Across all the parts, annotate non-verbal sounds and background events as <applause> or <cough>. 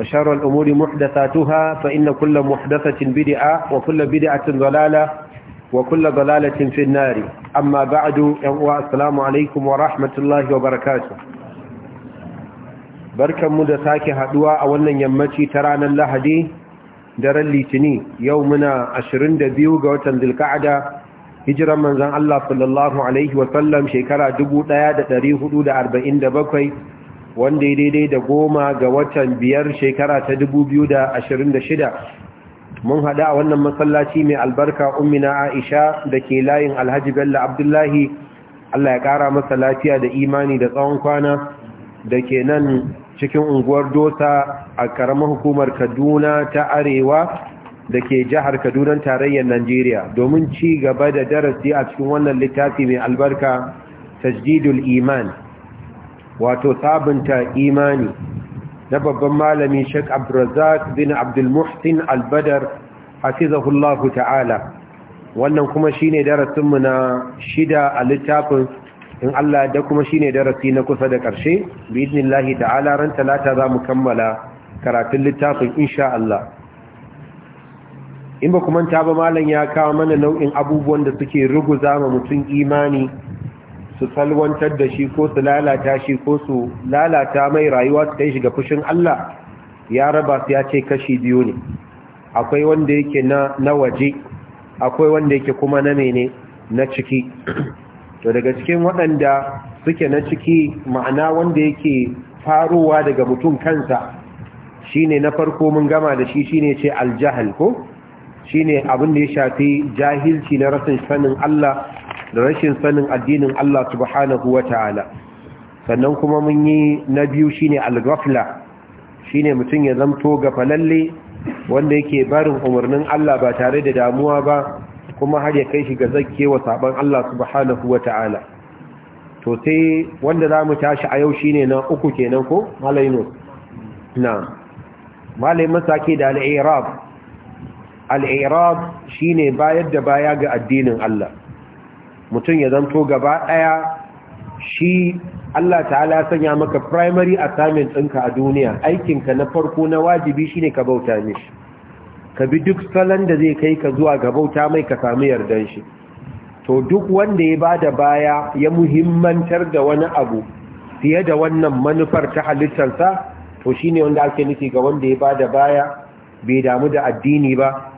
وشر الأمور محدثاتها فإن كل محدثة بدعة وكل بدعة ضلالة وكل ضلالة في النار أما بعد السلام عليكم ورحمة الله وبركاته بركة مدساك هدوى أولا يمتي ترانا لهدي در الليتني يومنا عشرين دبيو قوتا ذي القعدة هجرا من زن الله صلى الله عليه وسلم شكرا دبو تيادة تاريخ دود أربعين دبكوي wanda ya daidai da goma ga watan biyar shekara ta dubu biyu da da shida. mun haɗa a wannan masallaci mai albarka ummina aisha da ke layin alhaji bello abdullahi allah ya ƙara masa lafiya da imani da tsawon kwana da ke nan cikin unguwar dosa a ƙaramin hukumar kaduna ta arewa da ke jihar kaduna tarayyar najeriya domin ci gaba da darasi a cikin wannan littafi mai albarka tajdidul iman wato sabunta imani na babban malami Sheikh Abdulrazak bin Abdulmuhsin alBadar al hafizahullahu ta'ala wannan kuma shine darasin mu na shida a littafin in Allah da kuma shine darasi na kusa da ƙarshe bi ta'ala ran talata za mu kammala karatun littafin insha Allah in ba kuma ta ba malam ya kawo mana nau'in abubuwan da suke ruguza ma mutum imani su salwantar da shi ko su lalata shi ko su lalata mai rayuwa su kai shiga fushin Allah ya raba su ya ce kashi biyu ne akwai wanda yake na waje akwai wanda yake kuma na mene na ciki to daga cikin waɗanda suke na ciki ma'ana wanda yake faruwa daga mutum kansa shine na farko mun gama da shi shine ce aljahal ko shine abin da ya shafi jahilci na rasin sanin Allah da rashin sanin addinin Allah subhanahu wa ta'ala sannan kuma mun yi na biyu shine al-ghafla shine mutum ya zamto gafalalle wanda yake barin umarnin Allah ba tare da damuwa ba kuma har ya kai shi ga wa saban Allah subhanahu wa ta'ala to sai wanda za mu tashi a yau shine na uku kenan ko malaino na malamin sake da al-i'rab al-i'rab shine bayar da baya ga addinin Allah mutum ya zanto gaba ɗaya shi Allah ta'ala sanya maka primary assignment ɗinka a duniya aikinka na farko na wajibi shi ne ka bauta mishi ka bi duk salon da zai kai ka zuwa ga bauta mai ka sami yardan shi to duk wanda ya bada baya ya muhimmantar da wani abu fiye da wannan manufar ta halittarsa to shi ne wanda ake nufi ga wanda ya bada baya bai damu da addini ba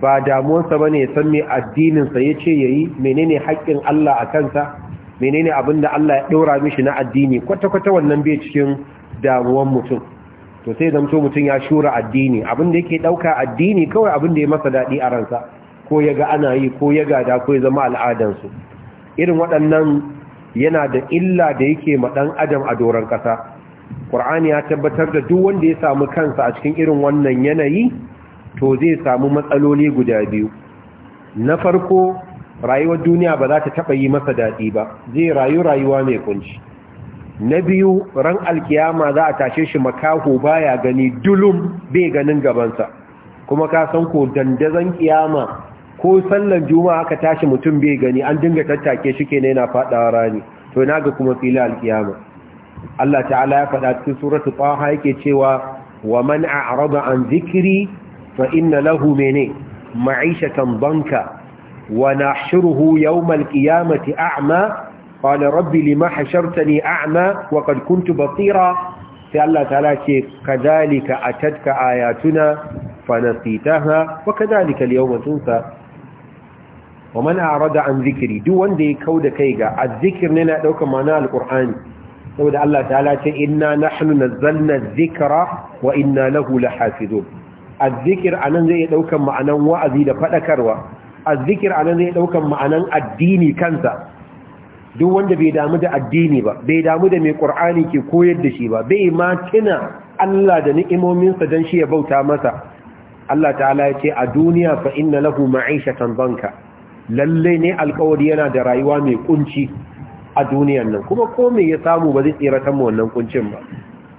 ba damuwarsa ba ne ya san mai addininsa ya ce ya yi menene haƙƙin Allah a kansa menene abin da Allah ya ɗora mishi na addini kwata-kwata wannan bai cikin damuwar mutum to sai zamto mutum ya shura addini abin da yake ɗauka addini kawai abin da ya masa daɗi a ransa ko ya ga ana yi ko ya da ko ya zama al'adansu irin waɗannan yana da illa da yake ma ɗan adam a doron ƙasa ƙur'ani ya tabbatar da duk wanda ya samu kansa a cikin irin wannan yanayi to zai samu matsaloli guda biyu na farko rayuwar duniya ba za ta taɓa yi masa daɗi ba zai rayu rayuwa mai kunci na biyu ran alkiyama za a tashe shi makaho baya gani dulum bai ganin gabansa kuma ka san ko dandazon kiyama ko sallan juma'a aka tashi mutum bai gani an dinga tattake shi kenan yana faɗawa rani to na ga kuma fili alkiyama Allah ta'ala ya faɗa cikin suratul Taha yake cewa wa man a'rada an zikri فإن له من معيشة ضنكا ونحشره يوم القيامة أعمى قال ربي لما حشرتني أعمى وقد كنت بطيرا فألا تلاشي كذلك أتتك آياتنا فنسيتها وكذلك اليوم تنسى ومن أعرض عن ذكري دو واندي كود كيغا الذكر لنا لو كمانا القرآن سود الله تعالى إنا نحن نزلنا الذكر وإنا له لحافظون azzikir anan zai daukan ma'anan wa'azi da faɗakarwa. azzikir anan zai daukan ma'anan addini kansa duk wanda bai damu da addini ba bai damu da mai ƙur'ani ke koyar da shi ba bai ma tuna Allah da ni'imominsa dan shi ya bauta masa Allah ta'ala ya ce a duniya fa inna lahu ma'ishatan banka lalle ne alkawari yana da rayuwa mai kunci a duniyan nan kuma ko me ya samu ba zai tsira kan wannan kuncin ba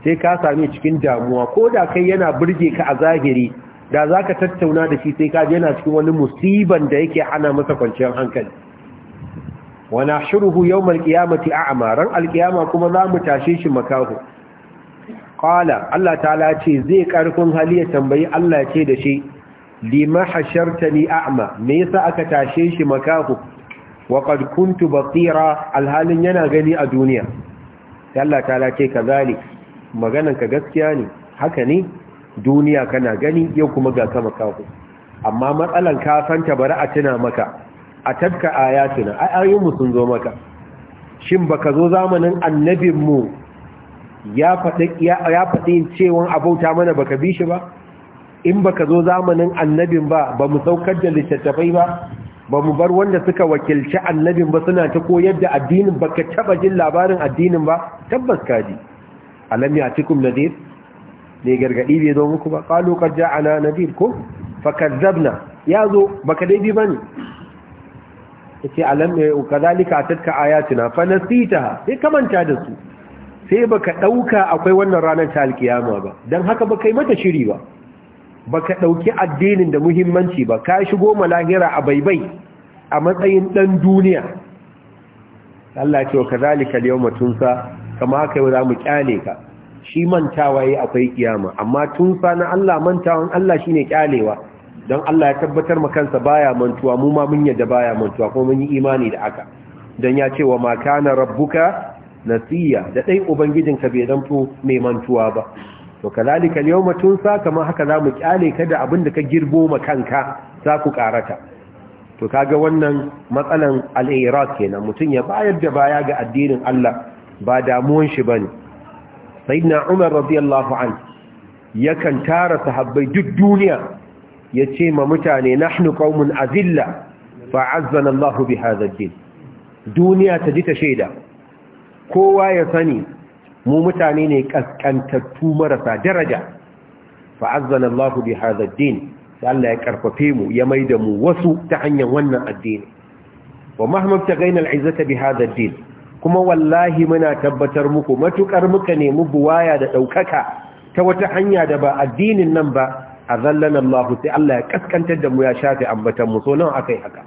sai ka sami cikin damuwa ko da kai yana burge ka a zahiri da za ka tattauna da shi sai ka yana cikin wani musiban da yake hana masa kwanciyar hankali wana shuruhu yau malkiyamati a amaran alkiyama kuma za mu tashe shi makaho ƙwala allah ta ce zai karfin hali ya tambayi allah ce da shi lima hasharta ni A'ama, me yasa aka tashe shi makaho wa qad kuntu basira alhalin yana gani a duniya sai allah ta ce kazalik maganarka gaskiya ne haka ne duniya kana gani yau kuma ga kama kafu amma matsalan ka bari a tuna maka a tafka ayatuna mu sun zo maka shin baka zo zamanin annabinmu ya faɗi ya faɗi cewa abauta mana baka bi shi ba in baka zo zamanin annabin ba ba mu saukar da littattafai ba ba mu bar wanda suka wakilci annabin ba suna ta koyar da addinin baka taba jin labarin addinin ba tabbas kaji alam yatikum nadir ne gargadi bai zo muku ba qalu qad ja'ana nadir ko fakadzabna yazo baka dai bi bane yace alam eh, kadhalika atatka ayatuna fanasitaha sai kamanta da su sai baka ɗauka akwai wannan ranar ta alkiyama ba dan haka baka yi mata shiri ba baka ɗauki addinin da muhimmanci ba ka shigo malahira a baibai a matsayin ɗan duniya Allah ya ce wa kazalika al-yawma kama haka yau za mu kyale ka shi mantawa yi akwai kiyama amma tun fa na Allah mantawan Allah shine kyalewa don Allah ya tabbatar ma kansa baya mantuwa mu ma mun yadda baya mantuwa kuma mun yi imani da aka don ya ce wa makana rabbuka nasiya da dai ubangijinka bai zanto mai mantuwa ba to kalalika al tun sa kama haka zamu kyale ka da abin da ka girbo ma kanka za ku karata to kaga wannan matsalan al-iraq kenan mutun ya bayar da baya ga addinin Allah ba damuwan shi bane sayyidina umar radiyallahu anhu yakan tara sahabbai duk duniya yace ma mutane nahnu qaumun azilla fa'azzana Allah bi hadha ad-din duniya ta ji ta shaida kowa ya sani mu mutane ne kaskantattu marasa daraja fa'azzana Allah bi hadha ad-din Allah ya karfafe mu ya maida mu wasu ta hanyar wannan addini wa mahmab ta al-izzata bi hadha ad-din kuma wallahi muna tabbatar muku matukar muka nemi buwaya da ɗaukaka ta wata hanya da ba addinin nan ba a Allah sai Allah ya kaskantar da mu ya shafe ambatan mu so nan akai haka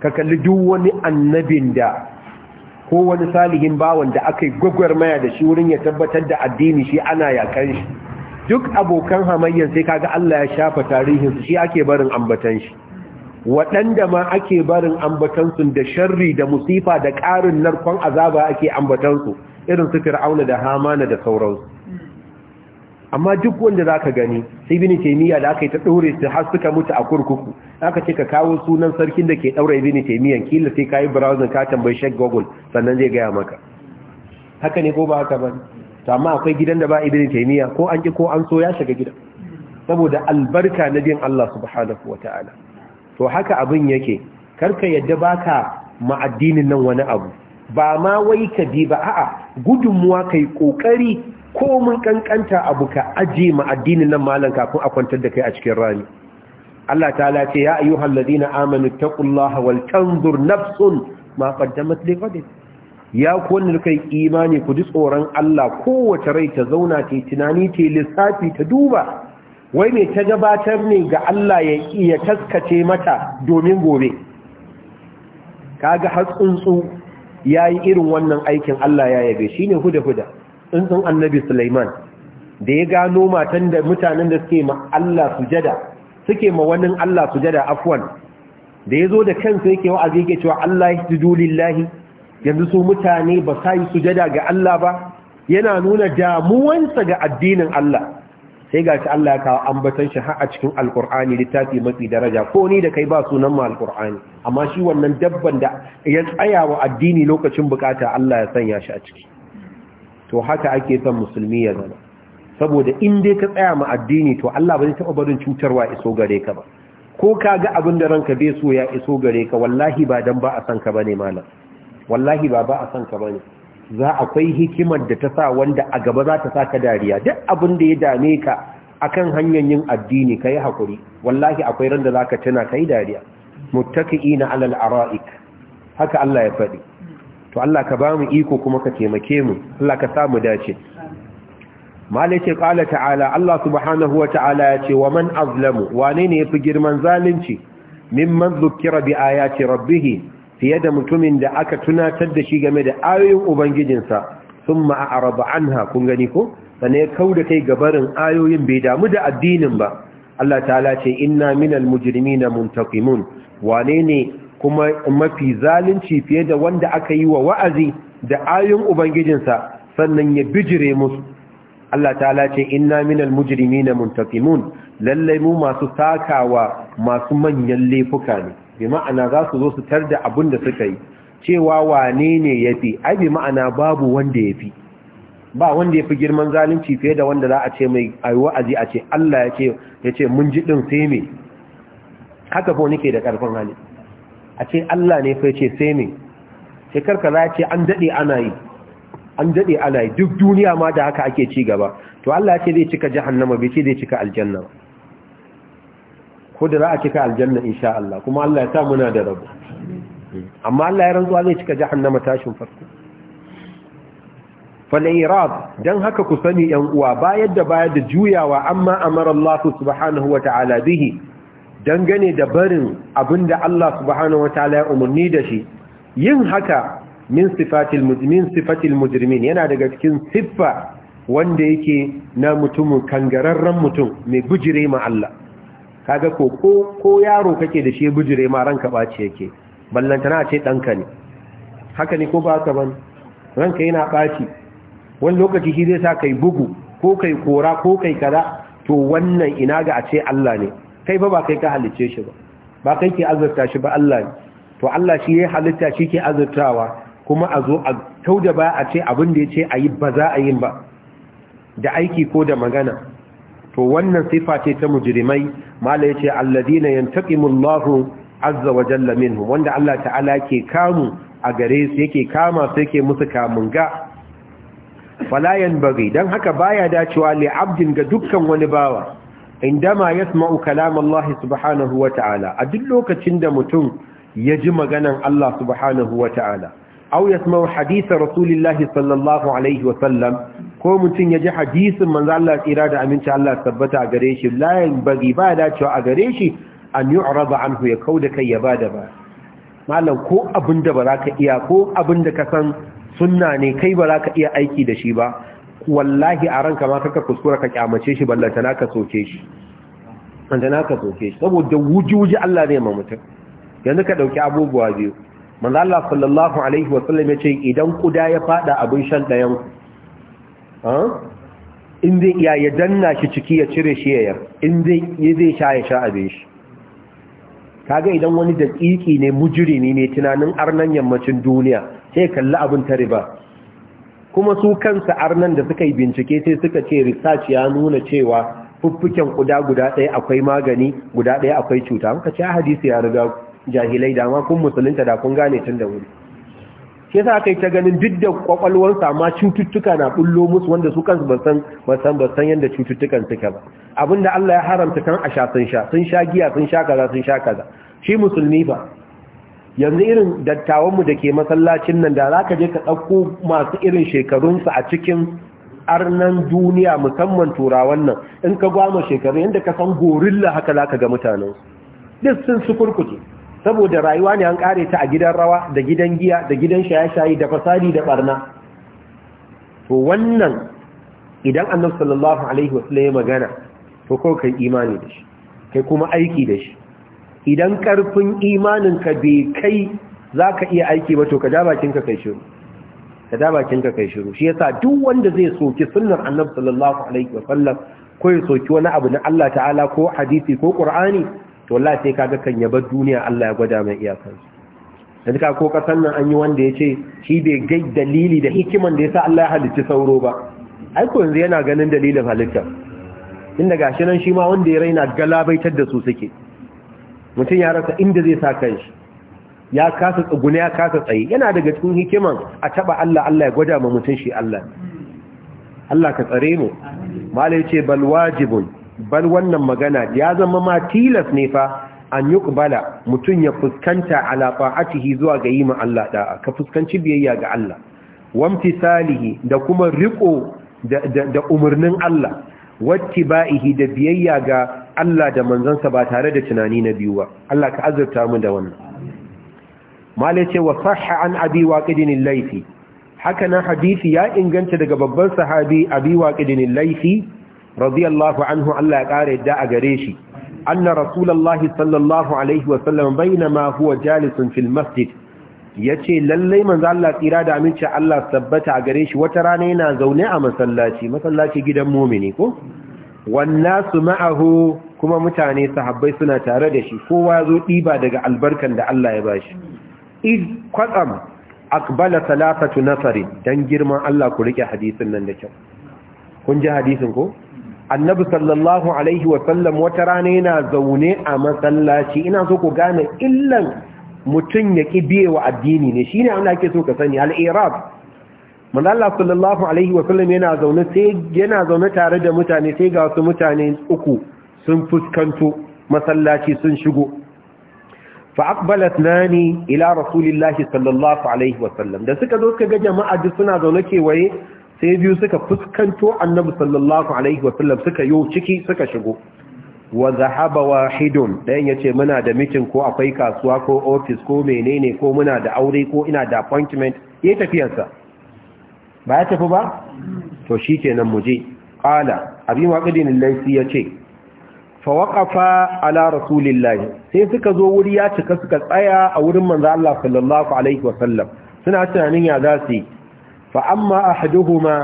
ka kalli duk wani annabin da ko wani salihin bawon da aka yi gwagwarmaya da shi wurin ya tabbatar da addini shi ana yakan shi duk abokan hamayyar sai kaga Allah ya shafa tarihinsu shi ake barin ambatan shi waɗanda ma ake barin ambatansu da sharri da musifa da ƙarin narkon azaba ake ambatansu irin su fir'auna da hamana da sauransu amma duk wanda za ka gani sai bini taimiyya da aka yi ta ɗaure su har suka mutu a kurkuku aka ce ka kawo sunan sarkin da ke ɗaure bini taimiyyan kila sai ka yi browser ka tambayi shek google sannan zai gaya maka haka ne ko ba haka ba to amma akwai gidan da ba ibini taimiyya ko an ki ko an so ya shiga gidan saboda albarka na bin allah subhanahu wa ta'ala to haka abin yake karka yadda baka ma addinin nan wani abu ba ma wai ka bi ba a'a gudunmuwa kai kokari ko mun kankanta abu ka aje ma addinin nan malan kafin a kwantar da kai a cikin rani Allah ta'ala ce ya ayyuhal ladina amanu taqullaha wal tanzur nafsun ma qaddamat li ghadin ya kowanne kai imani ku ji tsoron Allah kowace rai ta zauna ta tunani ta lissafi ta duba wai mai ta gabatar ne ga Allah ya iya taskace mata domin gobe kaga har ya yayi irin wannan aikin Allah ya yabe shine huda huda tsuntsun annabi Sulaiman da ya gano matan da mutanen da suke ma Allah sujada suke ma wani Allah sujada afwan da yazo da kansa yake wa'azi yake cewa Allah yasjudu lillahi yanzu su mutane ba sa yi sujada ga Allah ba yana nuna damuwansa ga addinin Allah sai ga shi Allah ya kawo ambatan shi har a cikin alkur'ani littafi mafi daraja ko ni da kai ba sunan mu alkur'ani amma shi wannan dabban da ya tsaya wa addini lokacin bukata Allah ya sanya shi a ciki to haka ake son musulmi ya zama saboda in dai ka tsaya ma addini to Allah ba zai taɓa barin cutarwa iso gare ka ba ko ka ga abin da ranka bai so ya iso gare ka wallahi ba dan ba a san ka bane malam wallahi ba ba a san ka bane za akwai hikimar da ta sa wanda a gaba za ta sa ka dariya duk abin da ya dame ka akan hanyar yin addini kai hakuri wallahi akwai randa da ka tuna kai dariya muttaqiina alal ara'ik haka Allah ya faɗi to Allah ka ba iko kuma ka taimake mu Allah ka samu dace malaka qala ta'ala Allah subhanahu wa ta'ala ya ce wa man azlamu wane ne fi girman zalunci mimman zukkira bi ayati rabbihi fiye da mutumin da aka tunatar da shi game da ayoyin ubangijinsa sun ma'araba anha kun gani ko sane ya kau da kai gabarin ayoyin bai damu da addinin ba Allah ta'ala ce ina minal na muntakimun wane ne kuma mafi zalunci fiye da wanda aka yi wa wa'azi da ayoyin ubangijinsa sannan ya bijire musu Allah ta'ala ce ina minal na muntakimun lallai mu masu takawa masu manyan laifuka ne bi ma'ana za su zo su tar da abin da suka yi cewa wane ne ya fi ai bi ma'ana babu wanda ya fi ba wanda ya fi girman zalunci fiye da wanda za a ce mai wa'azi a ce Allah ya ce mun ji ɗin sai me haka ko nake da ƙarfin hali a ce Allah ne fa ce sai me sai karka za ce an daɗe ana yi an daɗe ana yi duk duniya ma da haka ake ci gaba to Allah ya ce zai cika jahannama bai ce zai cika aljanna ba ko da za a cika aljanna insha Allah kuma Allah ya sa muna da rabu amma Allah ya rantsuwa zai cika jahannama tashin farko falairab dan haka ku sani yan uwa bayar da bayar da juyawa amma Amarallahu Allah subhanahu wata'ala bihi dan da barin abinda Allah subhanahu wata'ala ya umarni da shi yin haka min sifatil mujrimin yana daga cikin siffa wanda yake na mutumin kangararren mutum mai bujire ma Allah kaga ko ko yaro kake da shi bujure ma ranka ɓaci yake ballantana ce danka ne haka ne ko ba ka ban ranka yana baci wani lokaci shi zai sa kai bugu ko kai kora ko kai kaza to wannan ina ga a ce Allah ne kai ba ba kai ka halice shi ba ba kai ke azurta shi ba Allah ne to Allah shi ya halitta shi ke azurtawa kuma a zo a tauda ba a ce abin da ya ce a yi ba za a yi ba da aiki ko da magana to wannan sifa ce ta mujrimai mala yace alladina yantaqimu Allahu azza wa jalla minhum wanda Allah ta'ala ke kamu a gare su yake kama su yake musu kamun ga fala yanbaghi dan haka baya dacewa li abdin ga dukkan wani bawa indama yasma'u kalam Allah subhanahu wa ta'ala a duk lokacin da mutum ya ji maganan Allah subhanahu wa ta'ala aw yasma'u hadith rasulillahi sallallahu alaihi wa sallam ko mutum ya ji hadisin manzo Allah tsira da aminci Allah tabbata a gare shi layin bari ba dacewa a gare shi an yi yu'rada anhu ya da kai ya ba da ba Mallam ko abinda ba za ka iya ko abinda ka san sunna ne kai ba za ka iya aiki da shi ba wallahi a ranka ma kaka kuskura ka kyamace shi ballanta naka soke shi ballanta naka soke shi saboda wujuji Allah zai ma mutum yanzu ka dauki abubuwa biyu manzo Allah sallallahu alaihi wa sallam ya ce idan kuda ya fada abin shan dayan ku in zai iya ya danna shi ciki ya cire shi yayar in zai sha ya sha abin shi kaga idan wani daƙiƙi ne mujirimi ne tunanin arnan yammacin duniya sai kalli abin ta riba kuma su kansa arnan da suka yi bincike sai suka ce research ya nuna cewa fuffuken kuda guda ɗaya akwai magani guda ɗaya akwai cuta ka ce ah, hadisi ya riga jahilai dama kun musulunta da kun gane tun da wuri ke sa aka yi ta ganin duk da kwakwalwarsa amma cututtuka na bullo musu wanda su kansu ba san ba san ba san yanda cututtukan suka ba abinda Allah ya haramta kan a sha sun sha sun sha giya sun sha kaza sun sha kaza shi musulmi ba yanzu irin dattawanmu da ke masallacin nan da zaka je ka ɗauko masu irin shekarunsu a cikin arnan duniya musamman turawan nan in ka gwama shekaru yanda ka san gorilla haka zaka ga mutanen duk sun su saboda rayuwa ne an kare ta a gidan rawa da gidan giya da gidan shaye-shaye da fasadi da barna to wannan idan annabi sallallahu alaihi wasallam ya magana to ko kai imani da shi kai kuma aiki da shi idan karfin imanin ka bai kai zaka iya aiki ba to ka da bakin ka kai shiru ka da bakin ka kai shiru shi yasa duk wanda zai soki sunnar annabi sallallahu alaihi wasallam ko ya soki wani abu na Allah ta'ala ko hadisi ko qur'ani to Allah sai kaga kan ya bar duniya Allah ya gwada mai iyakansu da duka ko kasan nan an yi wanda ya ce shi bai gai dalili da hikiman da ya sa Allah ya halicci sauro ba aiko yanzu yana ganin dalilin halitta inda gashi nan shi ma wanda ya raina galabaitar da su suke mutum ya rasa inda zai sa kanshi ya kasa tsugune ya kasa tsaye yana daga cikin hikiman a taba Allah Allah ya gwada ma mutum shi Allah Allah ka tsare mu malai ce bal wajibun bal wannan magana ya zama ma tilas ne fa an yi kubala mutum ya fuskanta alafa atihi zuwa ga yi Allah ɗa'a ka fuskanci biyayya ga Allah wamti salihi da kuma riko da umarnin Allah wacce ba'ihi da biyayya ga Allah da manzansa ba tare da tunani na biyu ba Allah ka azurta mu da wannan malace wa sahha an abi waqidin laifi haka nan hadisi ya inganta daga babban sahabi abi waqidin laifi radiyallahu anhu Allah ya kare da a gare shi anna rasulullahi sallallahu alaihi wa sallam bainama huwa jalisun fil masjid yace lalle manzo Allah tsira da aminci Allah tabbata a gare shi wata rana yana zaune a masallaci masallaci gidan mu'mini ko wannasu ma'ahu kuma mutane sahabbai suna tare da shi kowa ya zo diba daga albarkan da Allah ya bashi iz kwatsam akbala salatatu nasari dan girman Allah ku rike hadisin nan da kyau kun ji hadisin ko annabi sallallahu alaihi wasallam wata rana yana zaune a masallaci ina so ku gane illan mutum ya ƙi wa addini ne shine ne da ake so ka sani al-irab manzala sallallahu alaihi wasallam yana zaune sai yana zaune tare da mutane sai ga wasu mutane uku sun fuskanto masallaci sun shigo na nani ila rasulillahi sallallahu alaihi wasallam da suka zo suka ga jama'a duk suna zaune kewaye sai biyu suka fuskanto annabi sallallahu alaihi wasallam suka yi ciki suka shigo wa zahaba wahidun dan yace muna da meeting ko akwai kasuwa ko office ko menene ko muna da aure ko ina da appointment yayi tafiyarsa ba ya tafi ba to shikenan mu je qala abin waqidin laifi yace fa waqafa ala rasulillah sai suka zo wuri ya cika suka tsaya a wurin manzo Allah sallallahu alaihi wasallam suna tunanin ya za su yi fa amma ahaduhuma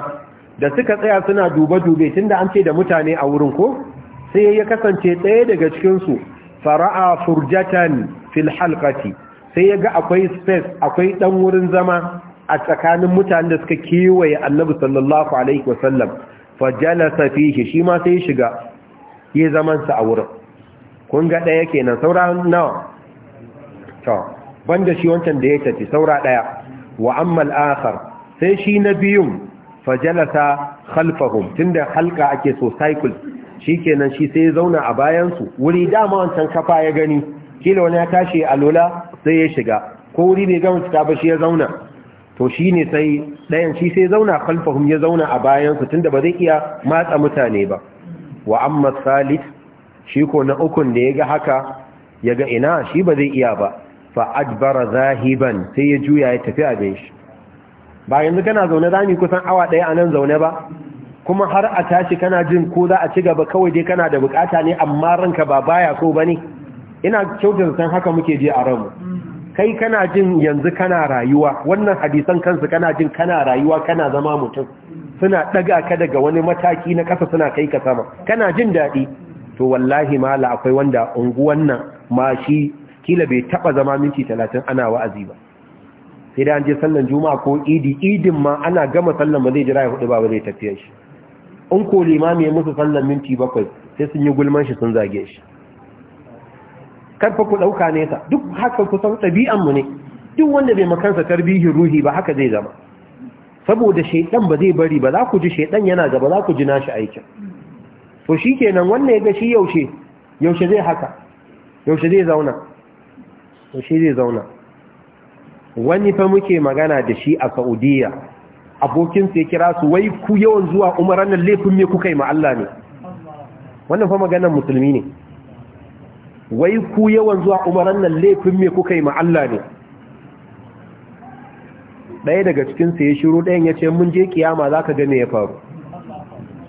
da suka tsaya suna dube-dube tunda an ce da mutane a wurin ko sai ya kasance ɗaya daga cikinsu fara'a furjatan fil halqati sai ya ga akwai space akwai ɗan wurin zama a tsakanin mutane da suka kewaye annabi sallallahu alaihi wasallam shi ma sai ya shiga ya zamansa a wurin kun ga ɗaya kenan saura nawa to banda shi wancan da ya tafi saura ɗaya wa amma al sai shi na biyun fajalasa khalfahum tunda halka ake so cycle shikenan shi sai ya zauna a bayansu wuri dama wancan kafa ya gani kila wani ya tashi a lola sai ya shiga ko wuri bai gama cika ba shi ya zauna to shi sai ɗayan shi sai zauna khalfahum ya zauna a bayansu tunda ba zai iya matsa mutane ba wa amma salis shi ko na ukun da ya ga haka Yaga ina shi ba zai iya ba fa ajbara zahiban sai ya juya ya tafi abin shi ba yanzu kana zaune za mu kusan awa ɗaya a nan zaune ba kuma har a tashi kana jin ko za a ci gaba kawai dai kana da bukata ne amma ranka ba baya ko ba ne ina kyautar san haka muke je a ranmu kai kana jin yanzu kana rayuwa wannan hadisan kansu kana jin kana rayuwa kana zama mutum suna ɗaga ka daga wani mataki na ƙasa suna kai ka sama kana jin daɗi to wallahi mala akwai wanda unguwan nan ma shi kila bai taɓa zama minti talatin ana wa'azi ba sai da an je sallan juma'a ko idi idin ma ana gama sallan ba zai jira ya hudu ba ba zai tafiya shi in ko limami ya musu sallan minti bakwai sai sun yi gulman shi sun zage shi karfa ku ɗauka nesa duk haka kusan mu ne duk wanda bai makansa tarbihi ruhi ba haka zai zama saboda shaidan ba zai bari ba za ku ji shaidan yana gaba za ku ji nashi aikin to shi kenan wannan ya ga shi yaushe yaushe zai haka yaushe zai zauna yaushe zai zauna wani fa muke magana da shi a Saudiya abokinsa ya kira su wai ku yawan zuwa umaran nan laifin me kuka yi ma Allah ne wannan fa maganar musulmi ne wai ku yawan zuwa umaran nan laifin me kuka yi ma Allah ne ɗaya daga cikinsu ya shiru ɗayan ya ce mun je kiyama za ka gane ya faru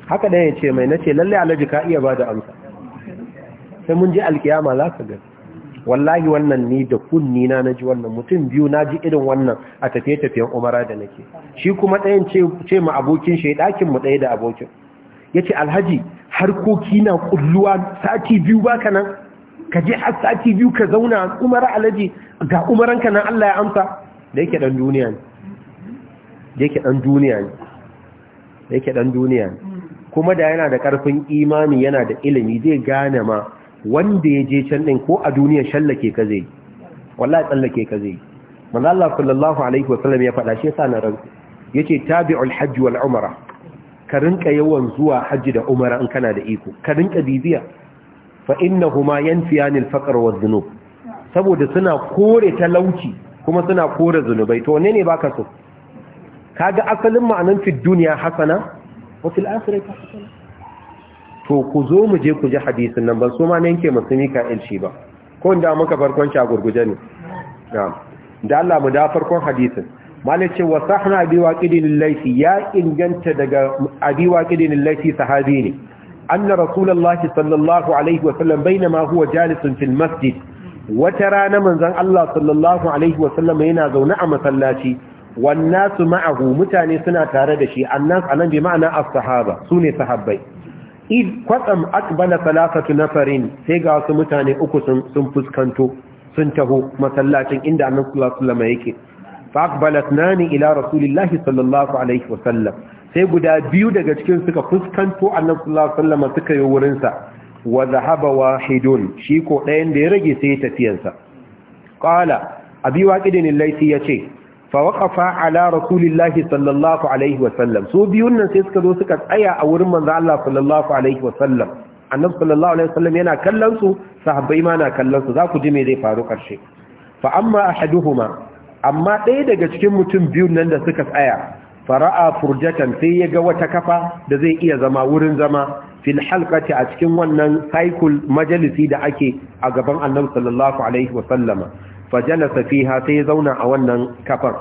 haka ɗaya ya ce mai na ce lallai alhaji ka iya ba da amsa sai mun je alkiyama za ka gane wallahi wannan ni da kunni na naji wannan mutum biyu naji irin wannan a tafiye-tafiyen umara da nake shi kuma ɗayan ce ma abokin shi ɗakin mu ɗaya da abokin yace alhaji harkoki na kulluwa sati biyu baka nan ka je har sati biyu ka zauna umara alhaji ga umaranka nan Allah ya amsa da yake dan duniya ne da yake dan duniya ne da yake dan duniya ne kuma da yana da karfin imani yana da ilimi zai gane ma wanda ya je can din ko a duniya shallake ka zai wallahi tsallake ka zai manzo Allah sallallahu alaihi wasallam ya faɗa shi yasa na ran yace tabi'ul hajj wal umra ka rinka yawan zuwa hajji da umara in kana da iko ka rinka bibiya fa innahuma yanfiyani al-faqr wa dhunub saboda suna kore talauci kuma suna kore zunubai to ne ne baka so kaga asalin ma'anan fi duniya hasana wa fil akhirati hasana to ku zo mu je ku ji hadisin nan ban so ma ne yake musu mika'il shi ba ko inda muka farkon shi a gurguje ne da Allah mu da farkon hadisin malice wa sahna abi waqidin laifi ya inganta daga abi waqidin laifi sahabi ne anna rasulullahi sallallahu alaihi wa sallam bainama huwa jalisun fil masjid wata rana manzon Allah sallallahu alaihi wa sallam yana zaune a masallaci wan su ma'ahu mutane suna tare da shi annas anan bi ma'ana as-sahaba sune sahabbai id kwatsam akbala salasatu nafarin sai ga wasu mutane uku sun fuskanto sun taho masallacin inda annabi sallallahu alaihi wasallam yake fa akbala ila rasulillahi sallallahu alaihi wasallam sai guda biyu daga cikin suka fuskanto annabi sallallahu alaihi wasallam suka yi wurin sa wa zahaba wahidun shi ko dayan da ya rage sai tafiyansa qala abi waqidin laysi yace fawakafa ala rasulillahi sallallahu alaihi wasallam so biyun nan sai suka zo suka tsaya a wurin manzo Allah sallallahu alaihi wasallam annabi sallallahu alaihi wasallam yana kallon su sahabbai ma na kallon su za ku ji me zai faru karshe fa amma ahaduhuma amma ɗaya daga cikin mutum biyun nan da suka tsaya fara'a furjatan sai ya ga wata kafa da zai iya zama wurin zama fil halqati a cikin wannan cycle majalisi da ake a gaban annabi sallallahu alaihi wasallama fajalasa fiha sai ya zauna a wannan kafar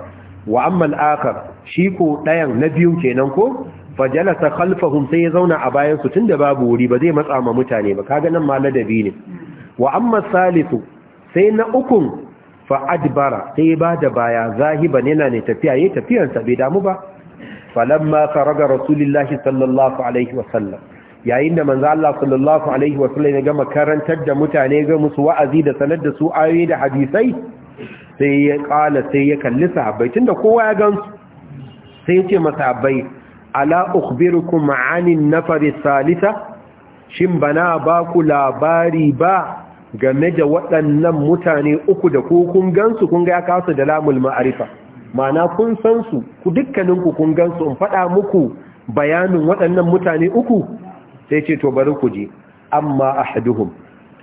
wa amma al shi ko ɗayan na biyu kenan ko fajalasa khalfahum sai ya zauna a bayan su tunda babu wuri ba zai matsa ma mutane ba kaga nan ma ladabi ne wa amma salisu sai na ukun fa adbara sai ba da baya ne yana ne tafiya yayin tafiyarsa bai damu ba falamma faraga rasulullahi sallallahu alaihi wasallam yayin da manzo Allah sallallahu alaihi wa sallam ya gama karantar da mutane ga musu wa'azi da sanar da su ayoyi da hadisai sai ya kala sai ya kalli sahabbai tunda kowa ya gansu sai ya ce masahabbai ala ukhbirukum anin nafar salisa shin bana ba ku labari ba game da waɗannan mutane uku da ku kun gansu kun ga kasu da lamul ma'arifa ma'ana kun san su ku dukkaninku kun gansu in faɗa muku bayanin waɗannan mutane uku sai ce to bari ku je. amma ahaduhum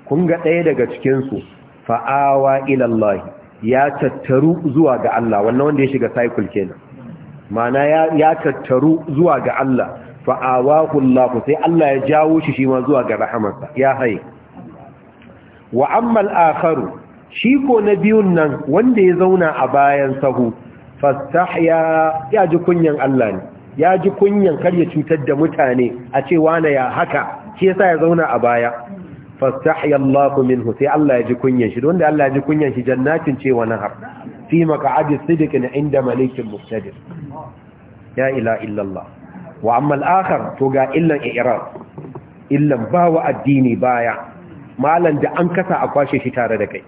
kun ga ɗaya daga cikinsu fa'awa ilallahi ya tattaru zuwa ga Allah wannan wanda ya shiga cycle kenan mana ya tattaru zuwa ga Allah fa'awahu Allah sai Allah ya jawo shi shi ma zuwa ga rahamarsa ya hayi wa ammal akharu shi ko na biyun nan wanda ya zauna a bayan sahu fastahya ya ji kunyan Allah ne ya ji kunyan kar ya cutar da mutane a ce wane ya haka shi yasa ya zauna a baya fastahiyallahu minhu sai Allah ya ji kunyan shi don da Allah ya ji kunyan shi jannatin ce wa har fi maq'adi sidqin inda malikin muqtadir ya ila illallah wa amma al-akhar to ga illan I'ran, illan ba wa addini baya malan da an kasa a kwashe shi tare da kai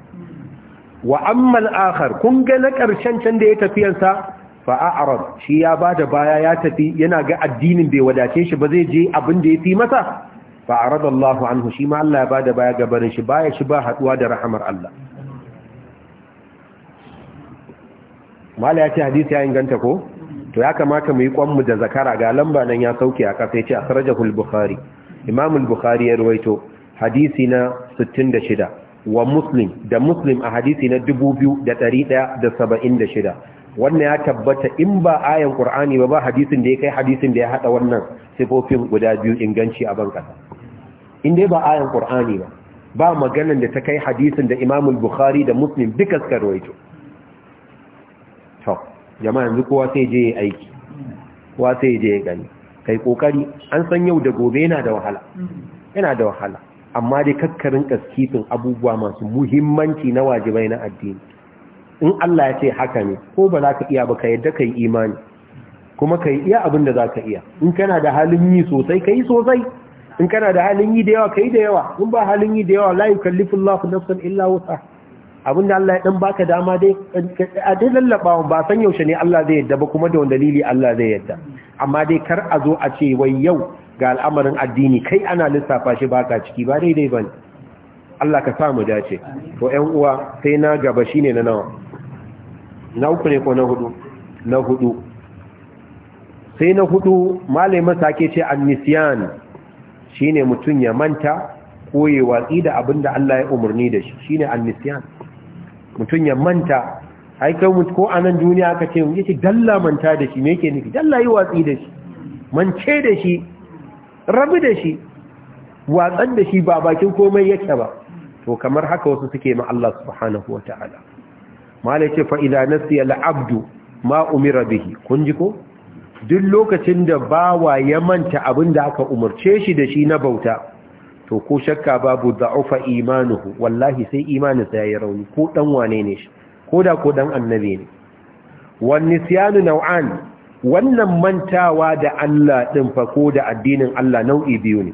wa amma al-akhar kun ga na karshen can da ya tafiyansa arab shi ya ba da baya ya tafi yana ga addinin bai wadace shi ba zai je abin da ya fi masa fa'arab Allah anhu shi ma Allah ya ba da baya gabarin shi baya shi ba haɗuwa da rahamar Allah mala ya ce hadisi ya inganta ko to ya kamata mu yi kwanmu da zakara ga lamba nan ya sauke a ƙasa ya ce a sarajahul bukhari imamul bukhari ya ruwaito hadisi na shida wa muslim da muslim a hadisi na dubu biyu da da da shida. wannan ya tabbata in ba ayan qur'ani ba ba hadisin da ya kai hadisin da ya hada wannan sifofin guda biyu inganci a ban kasa in dai ba ayan qur'ani ba ba maganan da ta kai hadisin da Imam Bukhari da Muslim duka suka rawaito to jama'a yanzu kowa sai je aiki kowa sai je gani kai kokari an san yau da gobe yana da wahala yana da wahala amma dai kakkarin kaskifin abubuwa masu muhimmanci na wajibai na addini in Allah ya ce haka ne ko ba za ka iya ba ka yadda ka yi imani kuma ka yi iya abin da za ka iya in kana da halin yi sosai ka yi sosai in kana da halin yi da yawa ka yi da yawa in ba halin yi da yawa la lafi nafsan illa wusa abin da Allah ya dan baka dama dai a dai ba san yaushe ne Allah zai yadda ba kuma da wani dalili Allah zai yadda amma dai kar a zo a ce wai yau ga al'amarin addini kai ana lissafa shi baka ciki ba daidai ne. Allah ka sa mu dace to ƴan uwa sai na gaba shine na nawa na uku ne ko na hudu na hudu sai na hudu malamin sake ce annisiyan shine mutum ya manta ko ya watsi da abinda Allah ya umarni da shi shine annisiyan mutum ya manta ai kai mutu ko anan duniya aka ce yake dalla manta da shi me yake nufi dalla yi watsi da shi mance da shi rabu da shi watsan da shi ba bakin komai yake ba to kamar haka wasu suke ma Allah subhanahu wataala mala ce na nasiya la'abdu ma umira bihi kun ji ko duk lokacin da bawa ya manta abin da aka umarce shi da shi na bauta to ko shakka babu da'ufa imanuhu wallahi sai imaninsa ya rauni ko dan wane ne shi ko da ko dan annabi ne wani siyanu nau'an wannan mantawa da Allah ɗin fa ko da addinin Allah nau'i biyu ne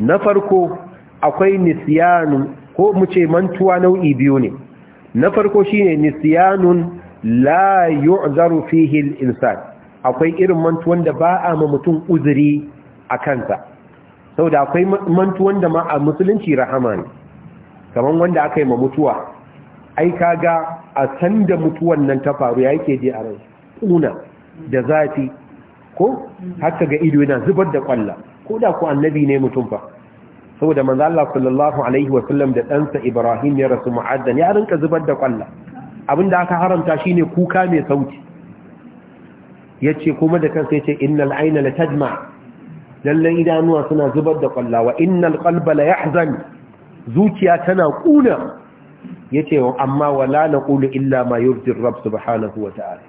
na farko akwai nisyanu ko mu ce mantuwa nau'i biyu ne na farko shine nisyanun la yu'zaru fihi al-insan akwai irin mantuwan da ba a ma mutum uzuri a kansa saboda akwai mantuwan da ma a musulunci rahama ne kamar wanda aka yi ma mutuwa ai kaga a san da mutuwan nan ta faru ya yake ji a rai kuna da zafi ko haka ga ido yana zubar da kwalla ko da ku annabi ne mutum fa saboda manzo Allah sallallahu alaihi wa sallam da ɗansa Ibrahim ya rasu mu'addan ya rinka zubar da kwalla abinda aka haramta shine kuka mai sauti yace kuma da kansa yace innal ayna tajma lalle idanuwa suna zubar da kwalla wa innal qalba la yahzan zuciya tana kuna yace amma wala naqulu illa ma yurdi rabb subhanahu wa ta'ala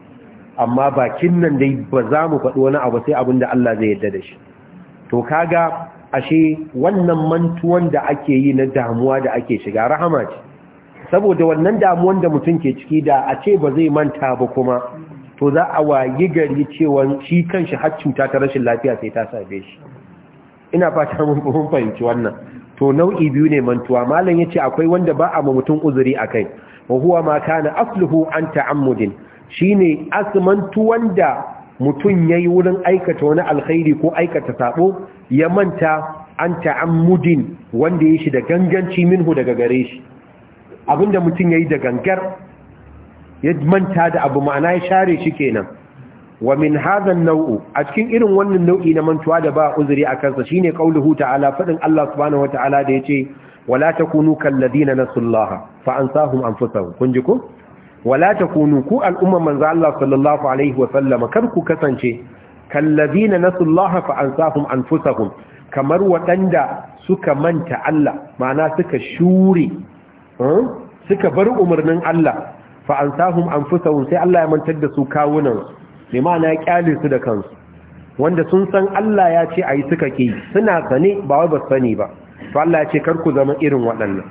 amma bakin nan dai ba za mu faɗi wani abu sai abinda Allah zai yarda da shi to kaga ashe wannan mantuwan da ake yi na damuwa da ake shiga rahama ce saboda wannan damuwan da mutum ke ciki da a ce ba zai manta ba kuma to za a wayi gari cewa shi kanshi har cuta ta rashin lafiya sai ta sabe shi ina fata <laughs> mun fahimci wannan to nau'i biyu ne mantuwa malam yace akwai wanda ba a mutum uzuri akai wa huwa ma kana asluhu an ta'ammudin shine asmantu wanda mutum ya yi wurin aikata wani alkhairi ko aikata saɓo, ya manta an ta'ammudin wanda ya shi da ganganci minhu daga gare shi abinda mutum ya yi da gangar ya manta da abu ma'ana ya share shi kenan wa min hadhan nau'u a cikin irin wannan nau'i na mantuwa da ba uzuri a kansa shine qauluhu ta'ala faɗin Allah subhanahu ta'ala da ce, wala takunu kal ladina Sullaha. fa ansahum fusa kun ji ko wala kunu ku al'umman manzo Allah sallallahu alaihi wa kar ku kasance kallazina nasullaha fa ansahum kamar waɗanda suka manta Allah ma'ana suka shure hmm? suka bar umarnin Allah fa ansahum sai Allah ya mantar da su kawunan bi ma'ana ya kyale su da kansu wanda sun san Allah ya ce ayi suka ke suna sane ba wai ba sani ba fa Allah ya ce kar ku zama irin waɗannan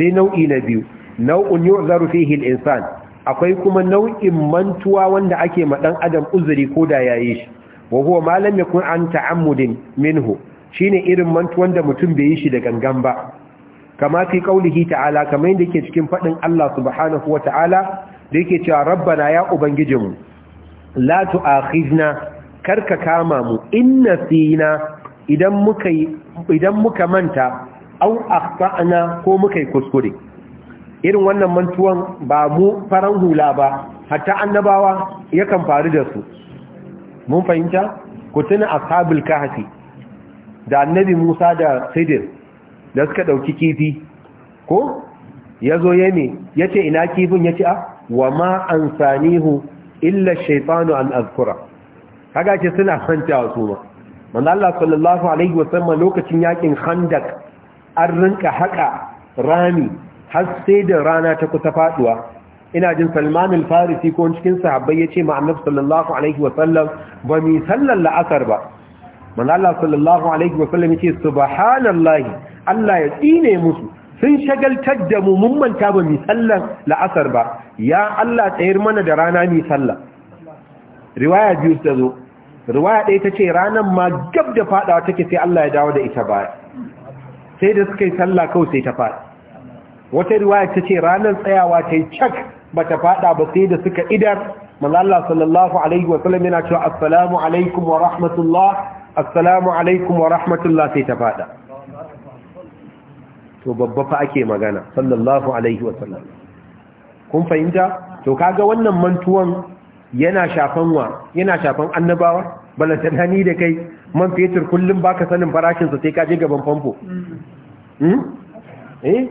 sai nau'i na biyu nau'un yu'zaru fihi al-insan akwai kuma nau'in mantuwa wanda ake ma dan adam uzuri ko da yayi shi wa huwa ma lam yakun an ta'ammudin minhu shine irin mantuwan da mutum bai yi shi da gangan ba kama fi qaulihi ta'ala kama yadda yake cikin fadin Allah subhanahu wa ta'ala da yake cewa rabbana ya ubangijinmu la tu'akhizna karka kama mu inna fina idan muka idan muka manta au akhtana ko muka yi kuskure irin wannan mantuwan ba mu faran hula ba hatta annabawa yakan faru da su mun fahimta ku tuna ashabul kahfi da annabi Musa da Khidir da suka dauki kifi ko yazo yeme yace ina kifin yace a ah, wa ma ansanihu illa shaytanu an azkura kaga ce suna santawa su ba manzo Allah sallallahu alaihi wasallam lokacin yakin Khandak an rinka haka rami har sai da rana ta kusa faduwa ina jin Salman al-Farisi ko cikin sahabbai yace ma Annabi sallallahu alaihi wasallam ba mi sallar la'asar ba manzo Allah sallallahu alaihi wasallam yace subhanallahi Allah ya tsine musu sun shagaltar da mu mun manta ba mi sallan la'asar ba ya Allah tsayar mana da rana mi sallah riwaya biyu ta zo riwaya ɗaya ta ce ranar ma gab da faɗawa take sai Allah ya dawo da ita baya sai da suka yi sallah kawai sai ta faɗi wata riwaya ta ce ranar tsayawa ta yi cak ba ta fada ba sai da suka idar mazalla sallallahu alaihi wasallam yana cewa assalamu alaikum wa rahmatullah assalamu alaikum wa rahmatullah sai ta fada to babba fa ake magana sallallahu alaihi wasallam kun fahimta to kaga wannan mantuwan yana shafan wa yana shafan annabawa balantana ni da kai man fetur kullum baka sanin farashinsa sai ka je gaban famfo hmm? Hmm? eh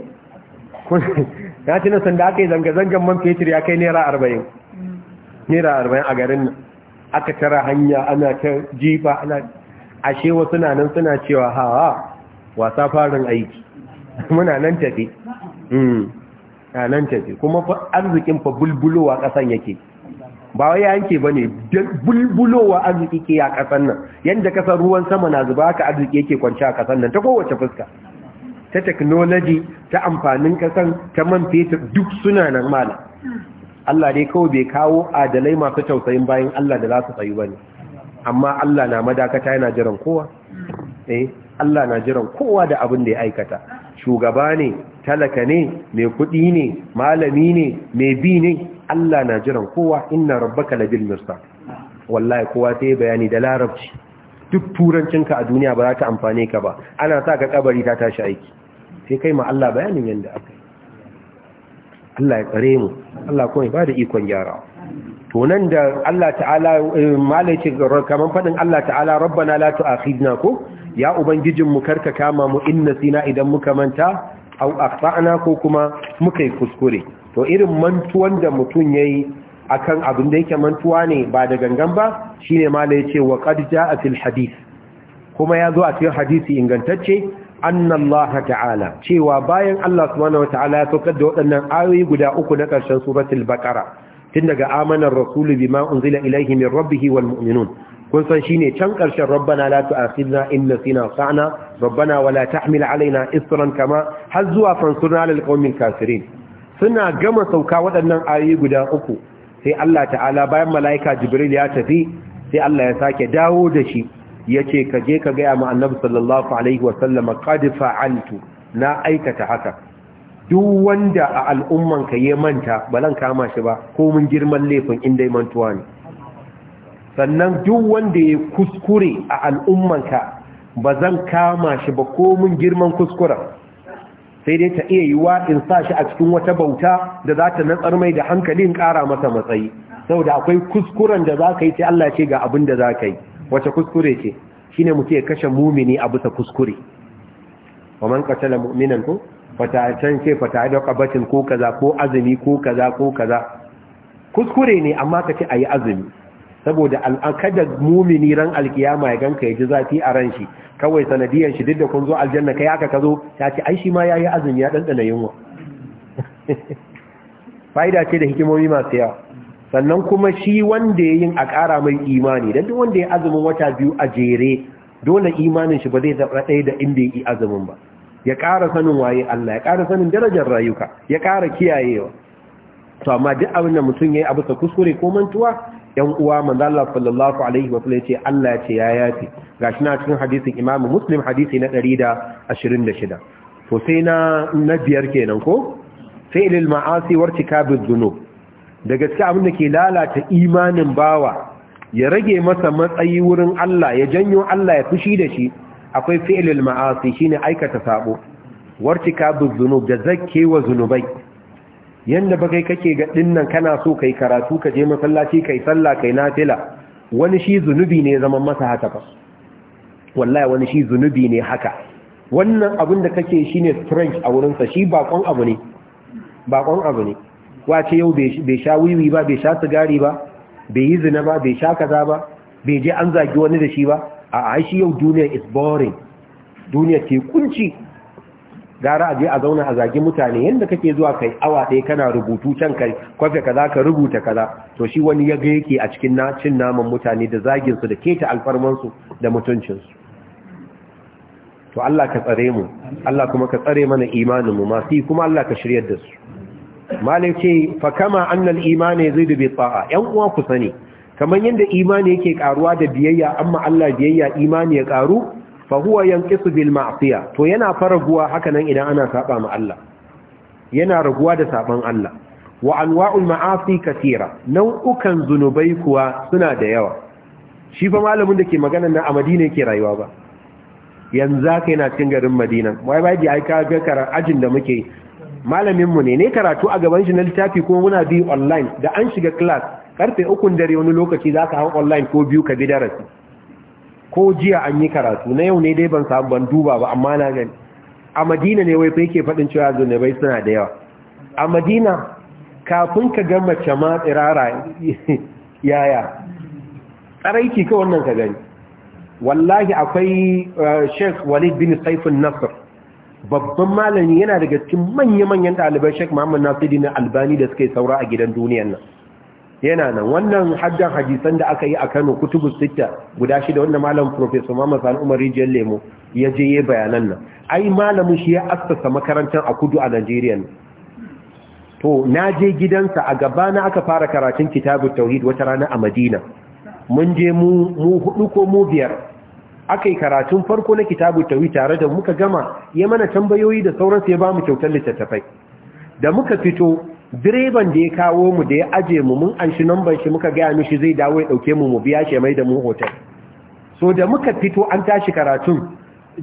na nasan sanda aka yi zanga-zangan man fetur ya kai naira arba'in naira arba'in a garin nan aka tara hanya ana ta jifa ana ashe wasu na nan suna cewa hawa wasa farin aiki <laughs> muna nan tafi hmm. a nan tafi kuma arzikin fa bulbulowa ƙasan yake ba wai yanke ba ne bulbulowa arziki ke a kasan nan yadda kasar ruwan sama na zuba ka arziki yake kwanci a kasan nan ta kowace fuska ta teknoloji ta amfanin kasan ta man fetur duk suna nan mala Allah dai kawai bai kawo adalai masu tausayin bayan Allah da za su ba ne. amma Allah na madakata yana jiran kowa eh Allah na jiran kowa da abin da ya aikata shugaba ne talaka ne mai kuɗi ne malami ne mai bi ne Allah na jiran kowa inna rabbaka labil mirsad wallahi kowa sai bayani da larabci duk turancinka a duniya ba za ta amfane ka ba ana sa ka kabari ta tashi aiki sai kai ma Allah bayanin yanda aka yi Allah ya tsare mu Allah kuma ya bada ikon gyara to nan da Allah ta'ala eh, malaikin kaman fadin Allah ta'ala rabbana la tu'akhidna ko ya ubangijin mu karka kama mu inna sina idan muka manta aw akhtana ko kuma muka yi kuskure to irin mantuwan da mutun yayi akan abin da yake mantuwa ne ba da gangan ba shine mala yace wa qad jaa fil hadith kuma yazo a cikin hadisi ingantacce annallaha ta'ala cewa bayan Allah subhanahu wataala ya saukar da waɗannan ayoyi guda uku na ƙarshen suratul baqara tun daga amanar rasulu bima unzila ilayhi min rabbihi wal mu'minun kun san shine can ƙarshen rabbana la tu'akhidna in nasina sa'na rabbana wala tahmil alaina isran kama har zuwa fansurna lil qaumil kafirin suna gama sauka waɗannan ayoyi guda uku sai Allah ta'ala bayan mala'ika jibril ya tafi sai Allah ya sake dawo da shi ya ce ka je ka gaya ma annabi sallallahu alaihi wasallama qad fa'altu na aikata haka duk wanda a al'umman ka ya manta balan kama shi ba ko mun girman laifin inda ya mantuwa ne sannan duk wanda ya kuskure a al'umman ka bazan kama shi ba ko mun girman kuskuren sai dai ta iya yi in sa shi a cikin wata bauta da za ta natsar mai da hankalin ƙara masa matsayi saboda akwai kuskuren da za ka yi sai Allah ce ga abin da za ka yi wace kuskure ce ne mutu ya kashe mumini a bisa kuskure wa man da mu'minan ko fata can ce fata da qabatin ko kaza ko azumi ko kaza ko kaza kuskure ne amma ka ce a yi azumi saboda al'akada mumini ran alkiyama ya ganka ya ji zafi a ran shi kawai sanadiyan shi duk da kun zo aljanna kai aka kazo ta ce ai shi ma yayi azumi ya ɗanɗana yunwa <laughs> fa'ida ce da hikimomi masu yawa sannan kuma shi wanda ya yin a ƙara mai imani don duk wanda ya azumin wata biyu a jere dole imanin shi ba zai zaɓa ɗaya da inda ya yi azumin ba ya ƙara sanin waye Allah ya ƙara sanin darajar rayuka ya ƙara kiyayewa to amma duk abin da mutum ya yi a bisa kuskure ko mantuwa yan uwa manzo Allah sallallahu alaihi wa sallam ce Allah ce ya yafi gashi na cikin hadisin Imam Muslim hadisi na 126 to sai na na biyar kenan ko fi'lil ma'asi wartikabuz dhunub da gaske abin da ke lalata imanin bawa ya rage masa matsayi wurin Allah ya janyo Allah ya fushi da shi akwai fi'lil ma'asi shine aikata sabo wartikabuz dhunub da zakke wa zunubai yanda ba kai kake ga dinnan kana so kai karatu ka je masallaci kai sallah kai nafila wani shi zunubi ne zaman masa haka ba wallahi wani shi zunubi ne haka wannan abin da kake shine strange a wurinsa shi bakon abu ne bakon abu ne wace yau bai sha wiwi ba bai sha sigari ba bai yi zina ba bai sha kaza ba bai je an zagi wani da shi ba A'a shi yau duniya is boring duniya ke kunci gara a je a zauna a zagi mutane yadda kake zuwa kai awa ɗaya kana rubutu can kai kwafe kaza ka rubuta kaza to shi wani ya ga yake a cikin na cin naman mutane da zagin da keta alfarman su da mutuncinsu. su to Allah ka tsare mu Allah kuma ka tsare mana imanin mu masu kuma Allah ka shiryar da su malai ce fa kama annal imani zai bi ta'a yan uwa ku sani kamar yadda imani yake karuwa da biyayya amma Allah biyayya imani ya karu fa huwa yanqisu bil ma'siya to yana faraguwa haka nan idan ana saba ma Allah yana raguwa da saban Allah wa anwa'ul ma'asi katira nau'ukan zunubai kuwa suna da yawa shi fa malamin da ke magana nan a Madina yake rayuwa ba yanzu haka yana cin garin Madina wai bai ai ka ga karar ajin da muke malamin mu ne ne karatu a gaban shi na littafi kuma muna bi online da an shiga class karfe 3 dare wani lokaci zaka hau online ko biyu ka bi darasi ko jiya an yi karatu na yau ne dai ban samu ban duba ba amma na gani a madina ne wai fa yake faɗin cewa zunubai suna da yawa a madina kafin ka ga mace ma tsirara yaya tsaraiki ka wannan ka gani wallahi akwai eh, sheikh walid bin saifin nasir babban malami yana daga cikin manya-manyan ɗalibai sheikh muhammad nasiru albani da suka yi saura a gidan duniyan nan yana nan wannan haddan hadisan da aka yi a Kano kutubu sitta guda shida wannan malam professor Muhammad Umar Rijiyar Lemo ya je ya bayanan nan ai malamin shi ya assasa makarantar a kudu a Najeriya to na je gidansa a gaba na aka fara karatun kitabut tauhid wata rana a Madina mun je mu mu hudu ko mu biyar aka yi karatun farko na kitabu tauhid tare da muka gama ya mana tambayoyi da sauransu ya ba mu kyautar littattafai da muka fito direban da ya kawo mu da ya aje mu mun an shi namban shi muka gaya mishi zai dawo ya dauke mu mu biya shi mai da mu hotel so da muka fito an tashi karatun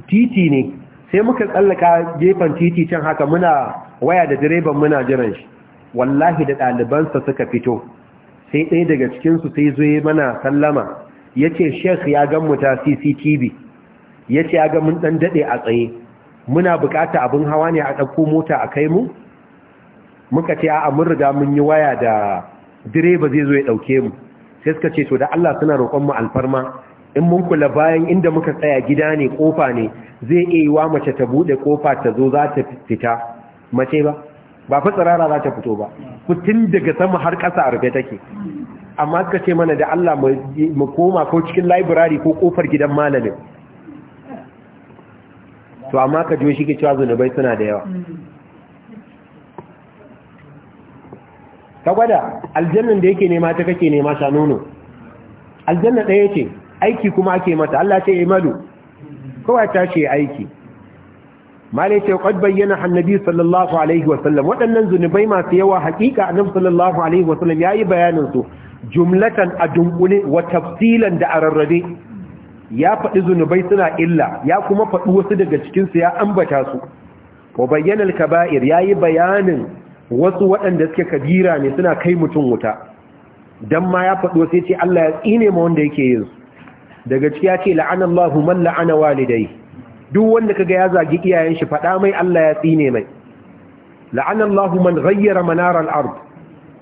titi ne sai muka tsallaka gefen titi can haka muna waya da direban muna jiran shi wallahi da ɗalibansa suka fito sai ɗaya daga cikinsu sai zo mana sallama ya ce sheikh ya gan mu ta cctv ya ce ya ga mun ɗan daɗe a tsaye muna bukata abin hawa ne a ɗauko mota a kai mu muka ce a mun riga mun yi waya da direba zai zo ya dauke mu sai suka ce to da Allah suna roƙon mu alfarma in mun kula bayan inda muka tsaya gida ne kofa ne zai iya yi wa mace ta bude kofa ta zo za ta fita mace ba ba fa tsirara za ta fito ba Kutun daga sama har ƙasa a rufe take amma suka ce mana da Allah mu koma ko cikin library ko kofar gidan malamin to amma ka jo shi ke cewa zunubai suna da yawa mm. ka gwada aljannan da yake nema ta kake nema sa nono aljanna ɗaya ce aiki kuma ake mata Allah ce imalu kowa ta ce aiki malai ce kwad bayyana annabi sallallahu alaihi wasallam waɗannan zunubai masu yawa haƙiƙa annabi sallallahu alaihi wasallam yayi bayanin su jumlatan a dunkule wa tafsilan da ararrabe ya faɗi zunubai suna illa ya kuma faɗi wasu daga cikin su ya ambata su wa bayyana al-kaba'ir yayi bayanin wasu waɗanda suke kabira ne suna kai mutum wuta Don ma ya faɗo sai ce Allah ya tsine ma wanda yake yin su daga ya ce la'anallahu man la'ana walidai duk wanda kaga ya zagi iyayen shi faɗa mai Allah ya tsine mai la'anallahu man ghayyara manar al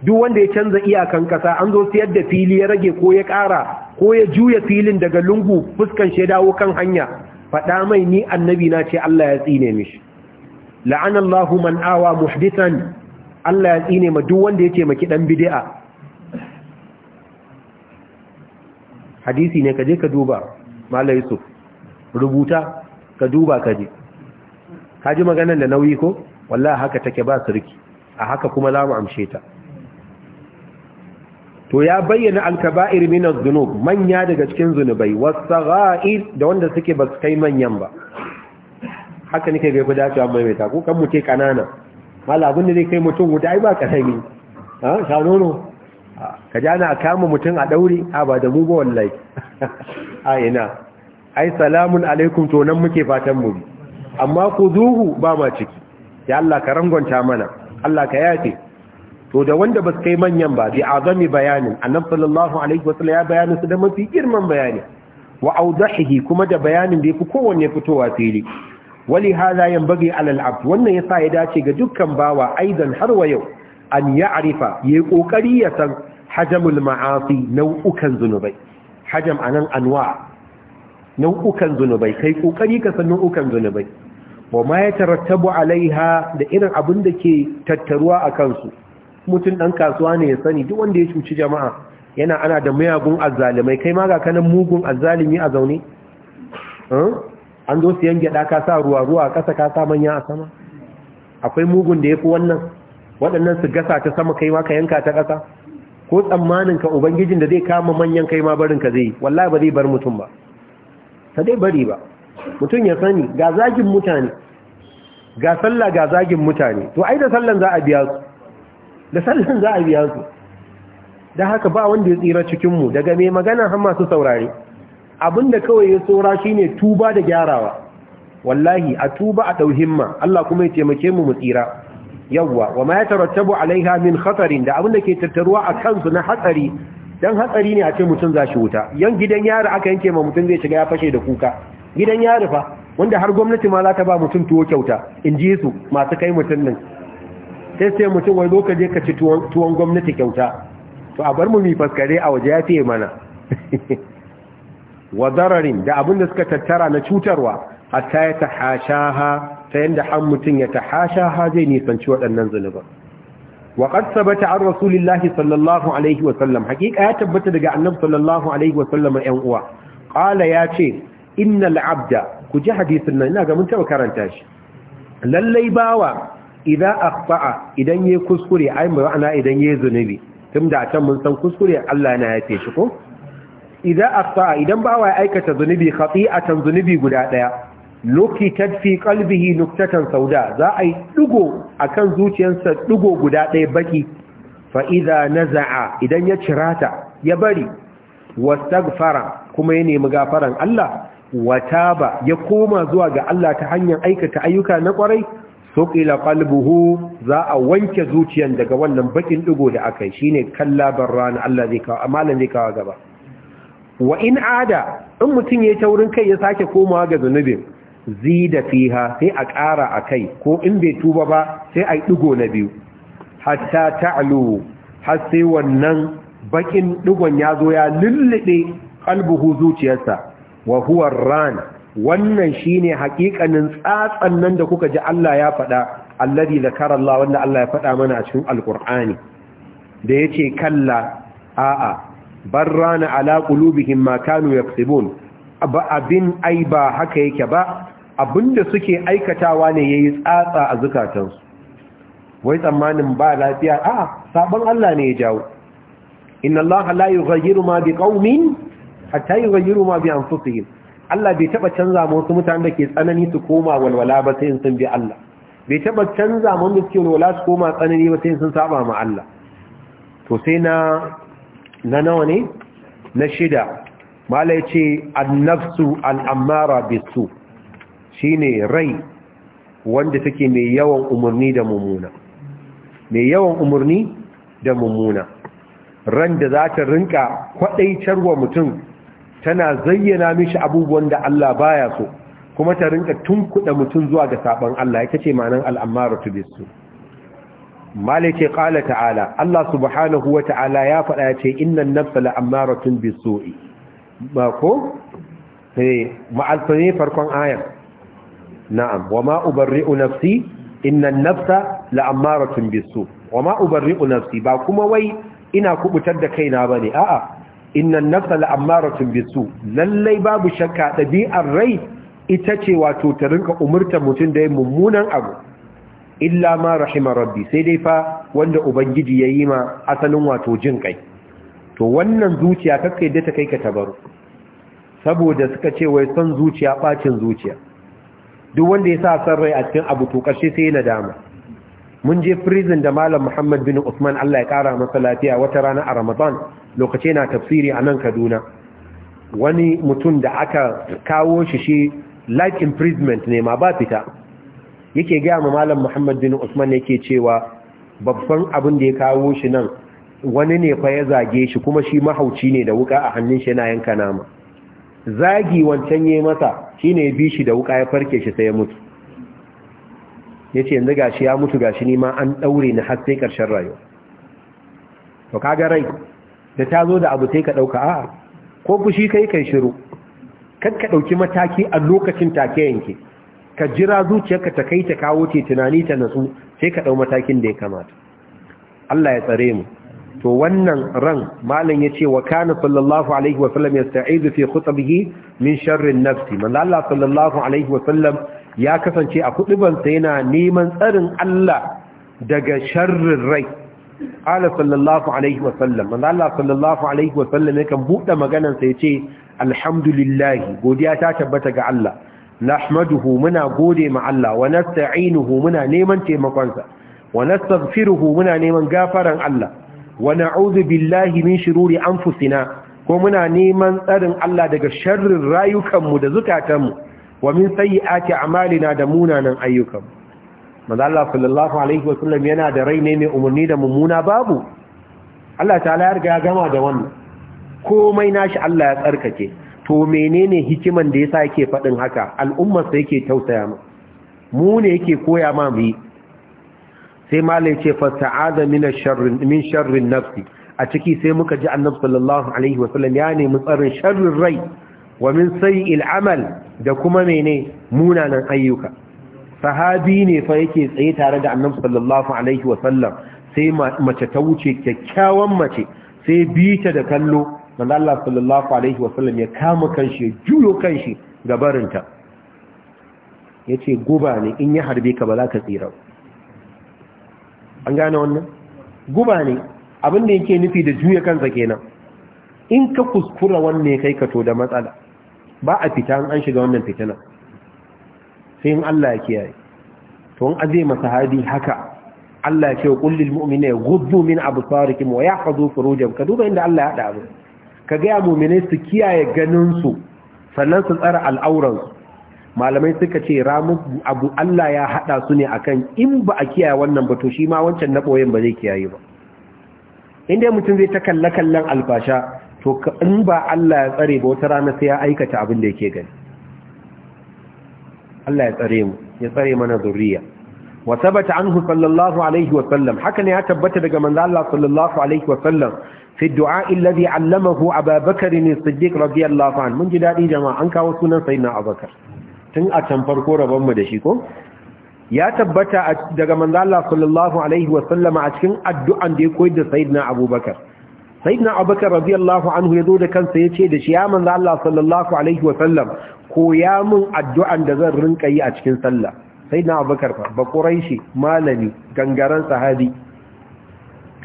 duk wanda ya canza iyakan kasa an zo siyar da fili ya rage ko ya ƙara ko ya juya filin daga lungu fuskan shi dawo kan hanya faɗa mai ni annabi na ce Allah ya tsine mishi la'anallahu man awa muhdisan Allah ya tsine ma duk wanda ya maki dan bid'a hadisi ne kaje ka duba malai yusuf rubuta ka duba kaje kaji maganar da nauyi ko wallahi haka take ba sirki a haka kuma za mu amshe ta to ya bayyana al-kaba'ir min az-zunub manya daga cikin zunubai was-sagha'ir da wanda suke ba su kai manyan ba haka nake ga ku dace mai mai ta ko kan mu ce kanana mala abin da zai kai mutum guda ai ba karami ha sha nono ka ji ana kama mutum a daure a ba da mugu wallai <laughs> a ina ai salamun alaikum to nan muke fatan mu amma ku zuhu ba ma ciki ya Allah ka rangonta mana Allah ka yafe to da wanda ba su kai manyan ba bi azami bayanin nan sallallahu alaihi wasallam ya bayani su da mafi girman bayani wa audahihi kuma da bayanin da fi kowanne fitowa fili wali hada yanbaghi alal abd wannan yasa ya dace ga dukkan bawa aidan har wa yau an ya'rifa yayi kokari ya san hajamul ma'asi nau'ukan zunubai hajam anan anwa nau'ukan zunubai kai kokari ka san nau'ukan zunubai wa ma yatarattabu alaiha da irin abin da ke tattaruwa a kansu mutum dan kasuwa ne ya sani duk wanda ya cuci jama'a yana ana da mayagun azzalimai kai ma ga kanan mugun azzalimi a zaune an zo siyan gyada ka sa ruwa ruwa a ƙasa ka sa manya a sama akwai mugun da ya fi wannan waɗannan su gasa ta sama kai ma ka yanka ta ƙasa ko tsammanin ka ubangijin da zai kama manyan kai ma barin ka zai wallahi ba zai bar mutum ba ta dai bari ba mutum ya sani ga zagin mutane ga sallah ga zagin mutane to ai da sallan za a biya su da sallan za a biya su da haka ba wanda ya tsira cikinmu daga mai magana har masu saurare Abin da kawai ya tsora shine tuba da gyarawa wallahi a tuba a dau himma Allah kuma ya taimake mu mu tsira yawwa wa ma yatarattabu alaiha min khatarin da abinda ke tattaruwa a kansu na hatsari dan hatsari ne a ce mutum zashi wuta yan gidan yari aka yanke ma mutum zai shiga ya fashe da kuka gidan yari fa wanda har gwamnati ma za ta ba mutum tuwo kyauta in ji su masu kai mutum nan sai sai mutum wai ka je ka ci tuwon gwamnati kyauta to a bar mu mi faskare a waje ya fiye mana <laughs> wa zararin, da abin da suka tattara na cutarwa hatta ya tahashaha ta yanda har mutum ya tahashaha zai nisanci waɗannan zunuban wa qad sabata an rasulillahi sallallahu alaihi wa sallam hakika ya tabbata daga annabi sallallahu alaihi wa sallam ɗan uwa qala ya ce innal abda ku ji hadisin nan ina ga mun taba karanta shi lallai bawa idan akhta'a idan yayi kuskure ai ma'ana idan yayi zunubi tunda a can mun san kuskure Allah yana yafe shi ko idan akta idan ba wa aikata zunubi khati'atan zunubi guda daya nukitat tadfi qalbihi nuktatan sauda za a yi dugo akan zuciyarsa dugo guda daya baki fa idza naza'a idan ya cirata ya bari wastaghfara kuma ya nemi gafaran Allah wataba ya koma zuwa ga Allah ta hanyar aikata ayyuka na kwarai suƙila qalbuhu za a wanke zuciyar daga wannan bakin ɗigo da akai shine kallabar rana Allah zai kawo amalan zai kawo gaba wa in ada in mutum ya taurin kai ya sake komawa ga zunubin zida fiha sai a ƙara a kai ko in bai tuba ba sai a ɗigo na biyu hatta ta'lu har sai wannan bakin ɗigon ya zo ya lullube kalbuhu zuciyarsa wa huwa ran wannan shine hakikanin tsatsan nan da kuka ji Allah ya faɗa alladhi zakara Allah wanda Allah ya faɗa mana a cikin alqur'ani da yace kalla a'a barrana ala qulubihim ma kanu yaktubun abin ai ba haka yake ba abinda suke aikatawa ne yayi tsatsa a zukatansu wai tsammanin ba lafiya a sabon Allah ne ya jawo inna Allah la yughayyiru ma biqaumin hatta yughayyiru ma bi anfusihim Allah bai taba canza mu su mutanen da ke tsanani su koma walwala ba sai sun bi Allah bai taba canza mu su ke walwala su koma tsanani ba sai sun saba ma Allah to sai na na nawa ne na shida malai ce annafsu al'ammara bisu shi ne rai wanda take mai yawan umarni da mummuna mai yawan umarni da mummuna ran da za ta rinka wa mutum tana zayyana mishi abubuwan da Allah baya so kuma ta rinka tunkuɗa mutum zuwa ga saɓon Allah ita ce ma'anar al'ammara bisu malike qala ta'ala Allah subhanahu wa ta'ala ya faɗa ce innan nafsa la'amaratun bisu'i ba ko eh ma'alfani farkon ayan na'am wama ubarri'u nafsi innan nafsa la'amaratun bisu wama ubarri'u nafsi ba kuma wai ina kubutar da kaina bane a'a innan nafsa la'amaratun bisu lallai babu shakka dabi'ar rai ita ce wato ta rinka umurta mutum da yin mummunan abu illa ma rahima rabbi sai dai fa wanda ubangiji ya yi ma asalin wato jin kai to wannan zuciya kakka da ta kai ka tabaru saboda suka ce wai son zuciya bacin zuciya duk wanda ya sa san rai a cikin abu to karshe sai na dama mun je prison da malam Muhammad bin Usman Allah ya kara masa lafiya wata rana a Ramadan lokaci na tafsiri a nan Kaduna wani mutum da aka kawo shi shi life imprisonment ne ma ba fita yake gaya ma malam muhammad bin usman yake cewa babban abin da ya kawo shi nan wani ne fa ya zage shi kuma shi mahauci ne da wuka a hannun shi yana yanka nama zagi wancan yayi masa shine ya bi shi da wuka ya farke shi sai ya mutu yace yanzu gashi ya mutu gashi ni ma an daure ni har sai karshen rayuwa to kaga rai da ta zo da abu sai ka dauka a, ko fushi kai kai shiru kar ka dauki mataki a lokacin take yanke ka jira zuciyarka ta kai ta kawo ce tunani ta natsu sai ka ɗau matakin da ya kamata Allah ya tsare mu to wannan ran malam ya ce wa kana sallallahu alaihi wa sallam yasta'izu fi khutbihi min sharri nafsi manzo Allah sallallahu alaihi wa sallam ya kasance a kuɗubansa yana neman tsarin Allah daga sharrin rai ala sallallahu alaihi wa sallam manzo Allah sallallahu alaihi wa sallam yakan buɗe maganarsa yace alhamdulillah godiya ta tabbata ga Allah nahmaduhu muna gode ma Allah wa nasta'inuhu muna neman taimakonsa wa nastaghfiruhu muna neman gafaran Allah wa na'udhu billahi min shururi anfusina ko muna neman tsarin Allah daga sharrin rayukanmu da zukatanmu wa min sayyiati a'malina da munanan ayyukanmu manzo Allah sallallahu alaihi wasallam yana da rai ne mai umarni da mumuna babu Allah ta'ala ya riga gama da wannan komai nashi Allah ya tsarkake to menene hikiman da yasa yake faɗin haka al'ummar sa yake tausaya mu mu ne yake koya ma mu sai malai ce fa ta'aza min sharrin min nafsi a ciki sai muka ji annabi sallallahu alaihi sallam ya nemi tsarin sharrin rai wa min sayyi'il amal da kuma mene munanan ayyuka sahabi ne fa yake tsaye tare da annabi sallallahu alaihi sallam sai mace ta wuce kyakkyawan mace sai bita da kallo manzo Allah sallallahu alaihi wasallam ya kama kanshi ya juyo kanshi ga barinta yace guba ne in ya harbe ka ba za ka tsira an gane wannan guba ne abin da yake nufi da juya kansa kenan in ka kuskura wannan ya kai ka to da matsala ba a fita an shiga wannan fitina sai in Allah ya kiyaye to an aje masa hadi haka Allah ya ce kullil mu'mina yaghuddu min absarikum wa yahfazu furujahum ka duba inda Allah ya hada abu ka gaya mummine su kiyaye ganinsu sannan su tsara al'auransu malamai suka ce ramu abu Allah ya haɗa su ne akan in ba a kiyaye wannan ba to shi ma wancan na ɓoyin ba zai kiyaye ba in dai mutum zai ta kalle kallon alfasha to in ba Allah ya tsare ba wata rana sai ya aikata abin da yake gani Allah ya tsare mu ya tsare mana zuriya wa sabata anhu sallallahu alaihi wa sallam haka ne ya tabbata daga manzo Allah sallallahu alaihi wa sallam fi du'a alladhi 'allamahu Abubakar ne Siddiq radiyallahu anhu mun ji dadi jama'a an kawo sunan sayyidina Abubakar tun a can farko rabon mu da shi ko ya tabbata daga manzo Allah sallallahu alaihi wa sallama a cikin addu'an da ya koyar da sayyidina Abubakar sayyidina Abubakar radiyallahu anhu yazo da kansa yace da shi ya manzo Allah sallallahu alaihi wa sallam koya min addu'an da zan rinka yi a cikin sallah sayyidina Abubakar fa ba Quraishi malami gangaren sahabi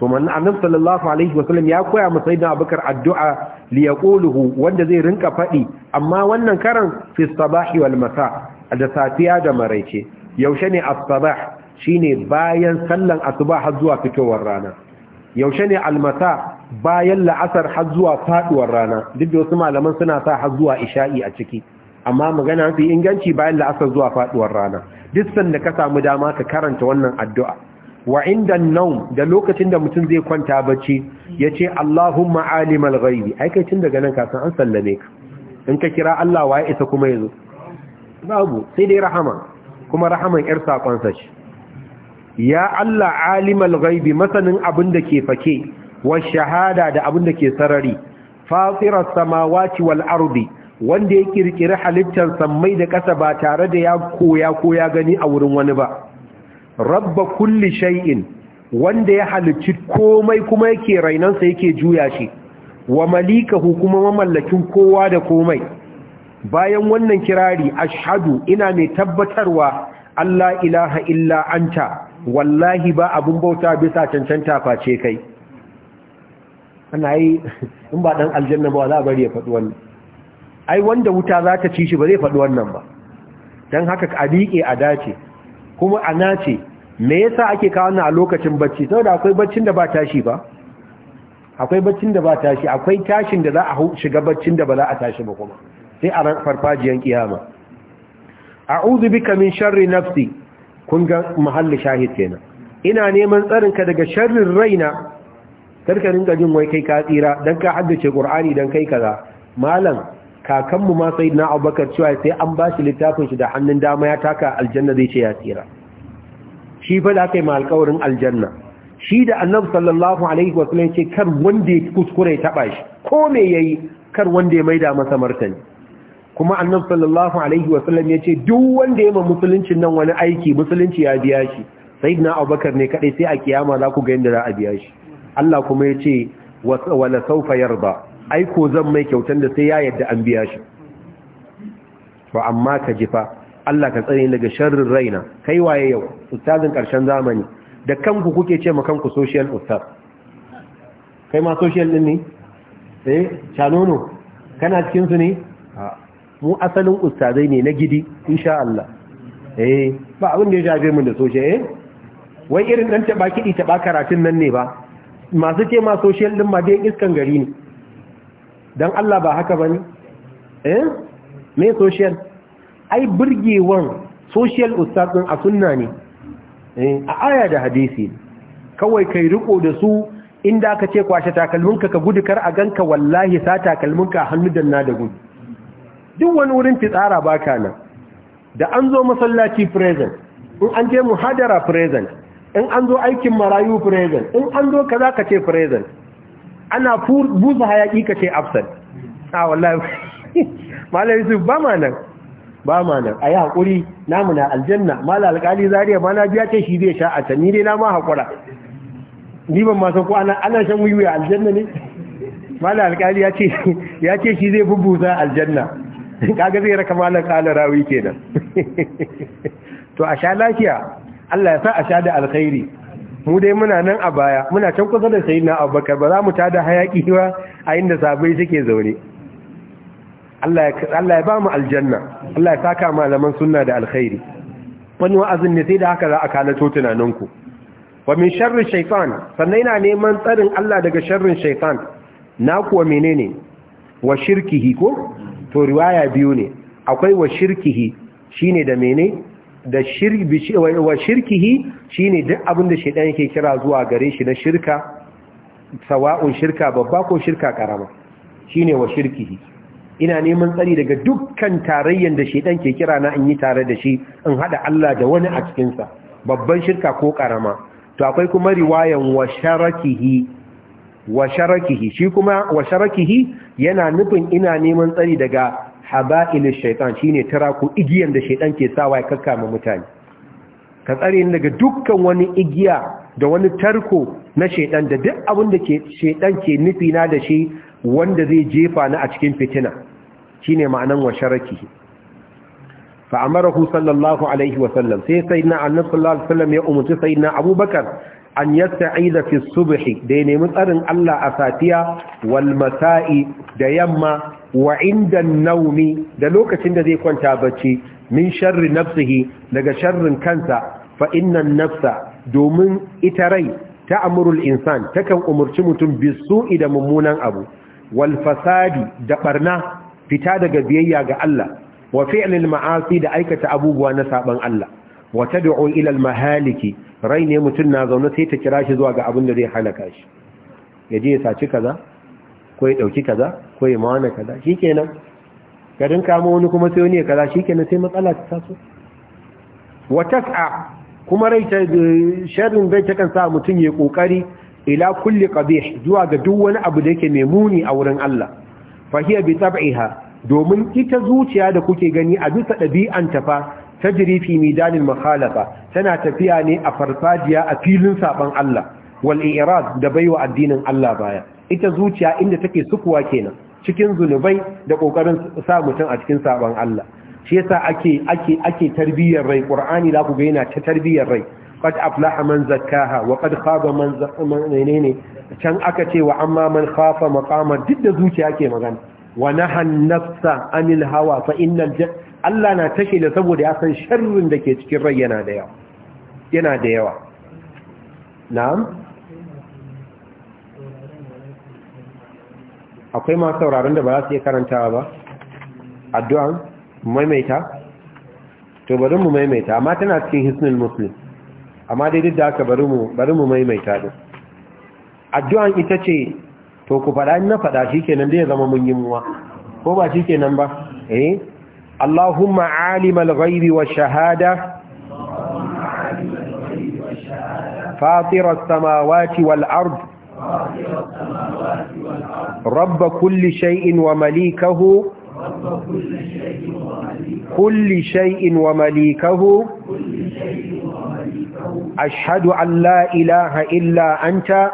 to man annabi sallallahu alaihi wasallam ya koya mu sayyidina abubakar addu'a li yaquluhu wanda zai rinka fadi amma wannan karan fi sabahi wal masa da safiya da maraice yaushe ne as-sabah shine bayan sallan asuba har zuwa fitowar rana yaushe ne al-masa bayan la'asar har zuwa faduwar rana duk da wasu malaman suna sa har zuwa isha'i a ciki amma magana fi inganci bayan la'asar zuwa faduwar rana duk sanda ka samu dama ka karanta wannan addu'a wa inda nan da lokacin da mutum zai kwanta bacci ya ce Allahumma alimal ghaibi aikacin daga nan san an sallame ka in ka kira Allah wa isa kuma ya babu sai dai rahama kuma rahaman yar sa ce ya Allah alimal ghaibi masanin abin da ke fake wa shahada da abin da ke sarari fasira samawati wal ardi wanda ya kirkiri halittar sammai da ƙasa ba tare da ya koya ko ya gani a wurin wani ba rabba kulli shay'in wanda ya halicci komai kuma yake rainansa yake juya shi wa malikahu kuma mamallakin kowa da komai bayan wannan kirari ashhadu ina mai tabbatarwa Allah ilaha illa anta wallahi ba abun bauta bisa cancanta face kai ana yi <laughs> in ba dan aljanna ba za a bari ya faɗi wannan ai wanda wuta za ta ci shi ba zai faɗi wannan ba don haka a riƙe a dace kuma a nace me yasa ake kawo wannan a lokacin bacci saboda akwai baccin da ba tashi ba akwai baccin da ba tashi akwai tashin da za a shiga baccin da ba za a tashi ba kuma sai a farfajiyan kiyama a'udhu bika min sharri nafsi kun ga mahallin shahid kenan ina neman tsarinka daga sharrin raina karka rinka jin wai kai ka tsira dan ka haddace qur'ani dan kai kaza malam kakanmu ma sai na abubakar cewa sai an ba shi littafin shi da hannun dama ya taka aljanna zai ce ya tsira shi fa da kai ma alkawarin aljanna shi da annabi sallallahu alaihi wa ce kar wanda ya kuskure ya taba shi ko me yayi kar wanda ya maida masa martani kuma annabi sallallahu alaihi wa ya ce duk wanda ya ma musuluncin nan wani aiki musulunci ya biya shi sayyidina abubakar ne kadai sai a kiyama za ku ga yadda za a biya shi Allah kuma ya ce wa la sawfa yarda aiko zan mai kyautar da sai ya yadda an biya shi ba amma ka jifa Allah ka tsari daga sharrin raina kai waye yau ustazin karshen zamani da kanku kuke ce ma kanku social ustaz kai ma social din ne eh chanono kana cikin su ne mu asalin ustazai ne na gidi insha Allah eh ba abin da ya shafe mu da social eh wai irin dan taba kidi taba karatun nan ne ba masu ce ma social din ma dai iskan gari ne don Allah ba haka ba ne? eh? me social? ai burgewan social ustazin a sunna ne eh, a aya da hadisi kawai kai riko da su inda aka ce kwashe takalminka ka gudu kar a ganka wallahi sa takalminka a hannu danna da gudu duk wani wurin fitsara baka nan da an zo masallaci present in an je muhadara present in an zo aikin marayu present in an zo ka za ka ce present ana busa hayaki ka ce afsal a ah, wallahi <laughs> malai su ba ma nan ba ma nan a yi haƙuri namu na aljanna malam alƙali zariya ma na biya ce shi zai sha a can ni dai na ma haƙura ni ban masu ko ana shan wiwi a aljanna ne malam alƙali ya ce <laughs> shi zai bubuza aljanna <laughs> kaga zai raka malar ƙalar rawi kenan to a sha lafiya Allah ya sa a sha da alkhairi mu dai muna nan a baya muna can kusa da sayyidina abubakar ba za mu da hayaki ba a inda sabai suke zaune Allah ya ba mu aljanna Allah ya saka malaman sunna da alkhairi wani wa'azin ne sai da haka za a kalato tunaninku wa min sharri shaytan sannan ina neman tsarin Allah daga sharrin shaitan na kuwa menene wa shirkihi ko to riwaya biyu ne akwai wa shirkihi shine da mene da shirki wa shirkihi shine duk abin da shedan yake kira zuwa gare shi na shirka sawa'un shirka babba ko shirka karama shine wa shirkihi ina neman tsari daga dukkan tarayyan da shedan ke kira na in yi tare da shi in haɗa Allah da wani a cikinsa, babban shirka ko karama to akwai kuma riwayan wa sharakihi wa sharakihi shi kuma wa sharakihi yana nufin ina neman tsari daga haba'ilin shaitan shine tara ko igiyan da shaitan ke sawa ya kakkama mutane ka tsare ni daga dukkan wani igiya da wani tarko na shaitan da duk abin da ke shaitan ke nufi na da shi wanda zai jefa ni a cikin fitina shine ma'anan wa sharaki fa hu sallallahu alaihi wa sallam sai sayyidina annabi sallallahu alaihi wa sallam ya umurci sayyidina abubakar an yasta'ida fi subhi da ya nemi tsarin Allah a safiya wal masa'i da yamma wa inda naumi da lokacin da zai kwanta bacci min sharri nafsihi daga sharrin kansa fa innan nafsa domin ita rai ta amurul insan takan umarci mutum bisu'i da mummunan abu wal fasadi da barna fita daga biyayya ga Allah wa fi'lil ma'asi da aikata abubuwa na saban Allah wa tad'u ila al-mahaliki rai ne mutun na zaune sai ta kira shi zuwa ga abin da zai halaka shi yaje ya saci kaza ko ya dauki kaza ko ya mawana kaza shikenan garin kama wani kuma sai wani ya kaza shikenan sai matsala ta taso wa tas'a kuma rai ta sharrin bai ta kan sa mutun ya kokari ila kulli qabih zuwa ga duk wani abu da yake mai muni a wurin Allah fa hiya bi tab'iha domin ita zuciya da kuke gani a bisa ta fa. tajri fi midanil mukhalafa tana tafiya ne a farfajiya a filin saban Allah wal i'rad da baiwa addinin Allah baya ita zuciya inda take sukuwa kenan cikin zunubai da kokarin sa mutum a cikin saban Allah shi yasa ake ake ake tarbiyyar rai qur'ani la ku ga yana ta tarbiyyar rai قد man من زكاها can aka ce wa amma man وعما من خاف مقاما ضد زوجها كما كان ونهى النفس hawa الهوى فإن الجنة Allah na tashe da saboda ya san sharrin da ke cikin rai yana da yawa yana da yawa na'am akwai ma sauraron da ba za su iya karantawa ba addu'an maimaita to bari mu maimaita amma tana cikin hisnul muslim amma dai duk da haka bari mu bari mu maimaita din addu'an ita ce to ku faɗa ni na faɗa shikenan dai ya zama mun yi muwa ko ba shikenan ba eh اللهم عالم الغيب والشهادة فاطر السماوات والأرض رب كل شيء ومليكه كل شيء ومليكه أشهد أن لا إله إلا أنت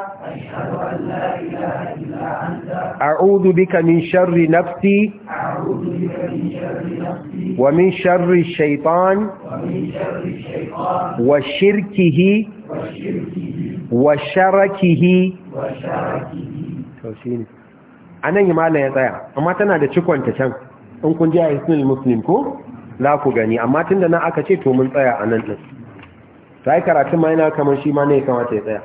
أعوذ بك من شر نفسي ومن شر الشيطان وشركه وشركه a nan yi malam ya tsaya amma tana da cikonta can in kun ji a isnil muslim ko za ku gani amma tun da nan aka ce to mun tsaya anan nan ɗin ta yi karatun ma yana kamar shi ma ne kamata ya tsaya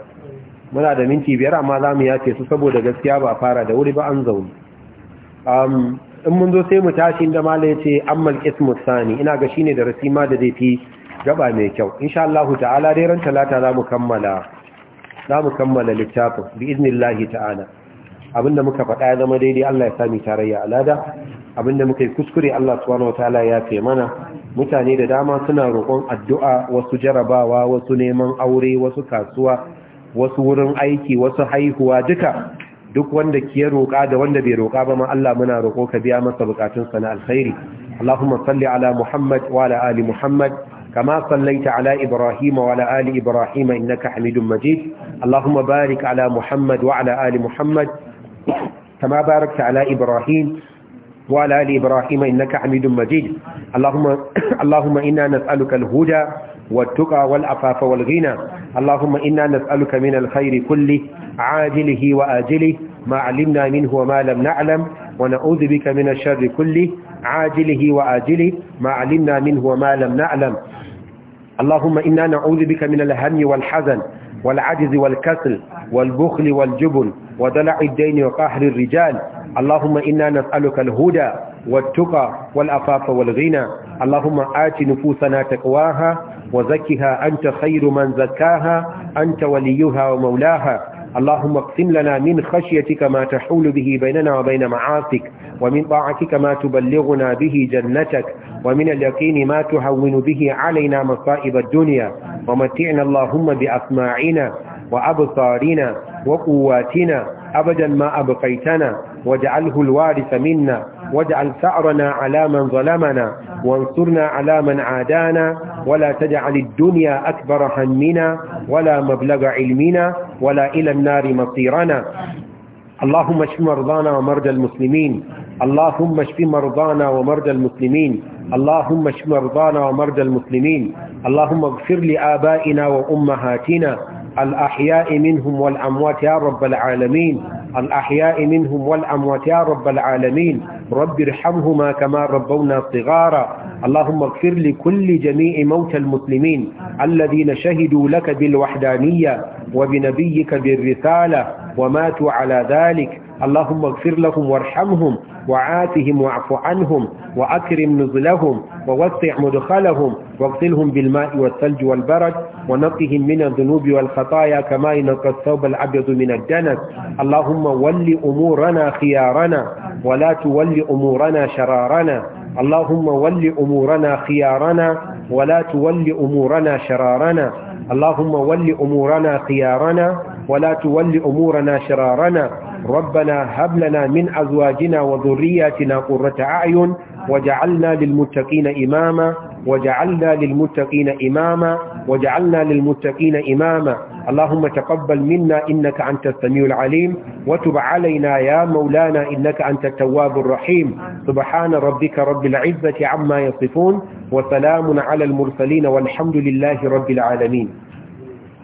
muna da minti biyar amma za mu yace su saboda gaskiya ba a fara da wuri ba an zaune in mun zo sai mu tashi inda mala ya ce ammal ismu sani ina ga shine da ma da zai fi gaba mai kyau insha Allah ta'ala dai ran talata za mu kammala za mu kammala littafin bi iznillahi ta'ala abinda muka faɗa ya zama daidai Allah ya sami tarayya alada abinda muka yi kuskure Allah subhanahu ta'ala ya fi mana mutane da dama suna roƙon addu'a wasu jarabawa wasu neman aure wasu kasuwa wasu wurin aiki wasu haihuwa duka duk wanda ke roƙa da wanda bai roƙa ba ma Allah muna roƙo ka biya masa buƙatun na alkhairi Allahumma salli ala Muhammad wa ali Muhammad kama sallaita ala Ibrahim wa ala ali Ibrahim innaka Hamidum Majid Allahumma barik ala Muhammad wa ala ali Muhammad kama barakta ala Ibrahim wa ala ali Ibrahim innaka Hamidum Majid Allahumma <clears throat> Allahumma inna nas'aluka al-huda wat wal-afafa wal-ghina Allahumma inna nas'aluka min al-khairi عاجله وآجله ما علمنا منه وما لم نعلم ونعوذ بك من الشر كله عاجله وآجله ما علمنا منه وما لم نعلم اللهم إنا نعوذ بك من الهم والحزن والعجز والكسل والبخل والجبن ودلع الدين وقهر الرجال اللهم إنا نسألك الهدى والتقى والأفاف والغنى اللهم آت نفوسنا تقواها وزكها أنت خير من زكاها أنت وليها ومولاها اللهم اقسم لنا من خشيتك ما تحول به بيننا وبين معاصيك ومن طاعتك ما تبلغنا به جنتك ومن اليقين ما تهون به علينا مصائب الدنيا ومتعنا اللهم بأسماعنا وأبصارنا وقواتنا أبدا ما أبقيتنا واجعله الوارث منا واجعل ثأرنا على من ظلمنا وانصرنا على من عادانا ولا تجعل الدنيا أكبر همنا ولا مبلغ علمنا ولا إلى النار مصيرنا اللهم اشف مرضانا ومرضى المسلمين اللهم اشف مرضانا ومرضى المسلمين اللهم اشف مرضانا ومرضى المسلمين اللهم اغفر لآبائنا وأمهاتنا الأحياء منهم والأموات يا رب العالمين الأحياء منهم والأموات يا رب العالمين رب ارحمهما كما ربونا صغارا اللهم اغفر لكل جميع موتى المسلمين الذين شهدوا لك بالوحدانية وبنبيك بالرسالة وماتوا على ذلك اللهم اغفر لهم وارحمهم وعافهم واعف عنهم وأكرم نزلهم ووسع مدخلهم واغسلهم بالماء والثلج والبرد ونقهم من الذنوب والخطايا كما ينقى الثوب الأبيض من الدنس اللهم ول أمورنا خيارنا ولا تول أمورنا شرارنا اللهم ول أمورنا خيارنا ولا تول أمورنا شرارنا اللهم ول أمورنا خيارنا ولا تول أمورنا شرارنا ربنا هب لنا من أزواجنا وذرياتنا قرة أعين وجعلنا للمتقين إماما وجعلنا للمتقين إماما وجعلنا للمتقين إماما اللهم تقبل منا إنك أنت السميع العليم وتب علينا يا مولانا إنك أنت التواب الرحيم سبحان ربك رب العزة عما يصفون وسلام على المرسلين والحمد لله رب العالمين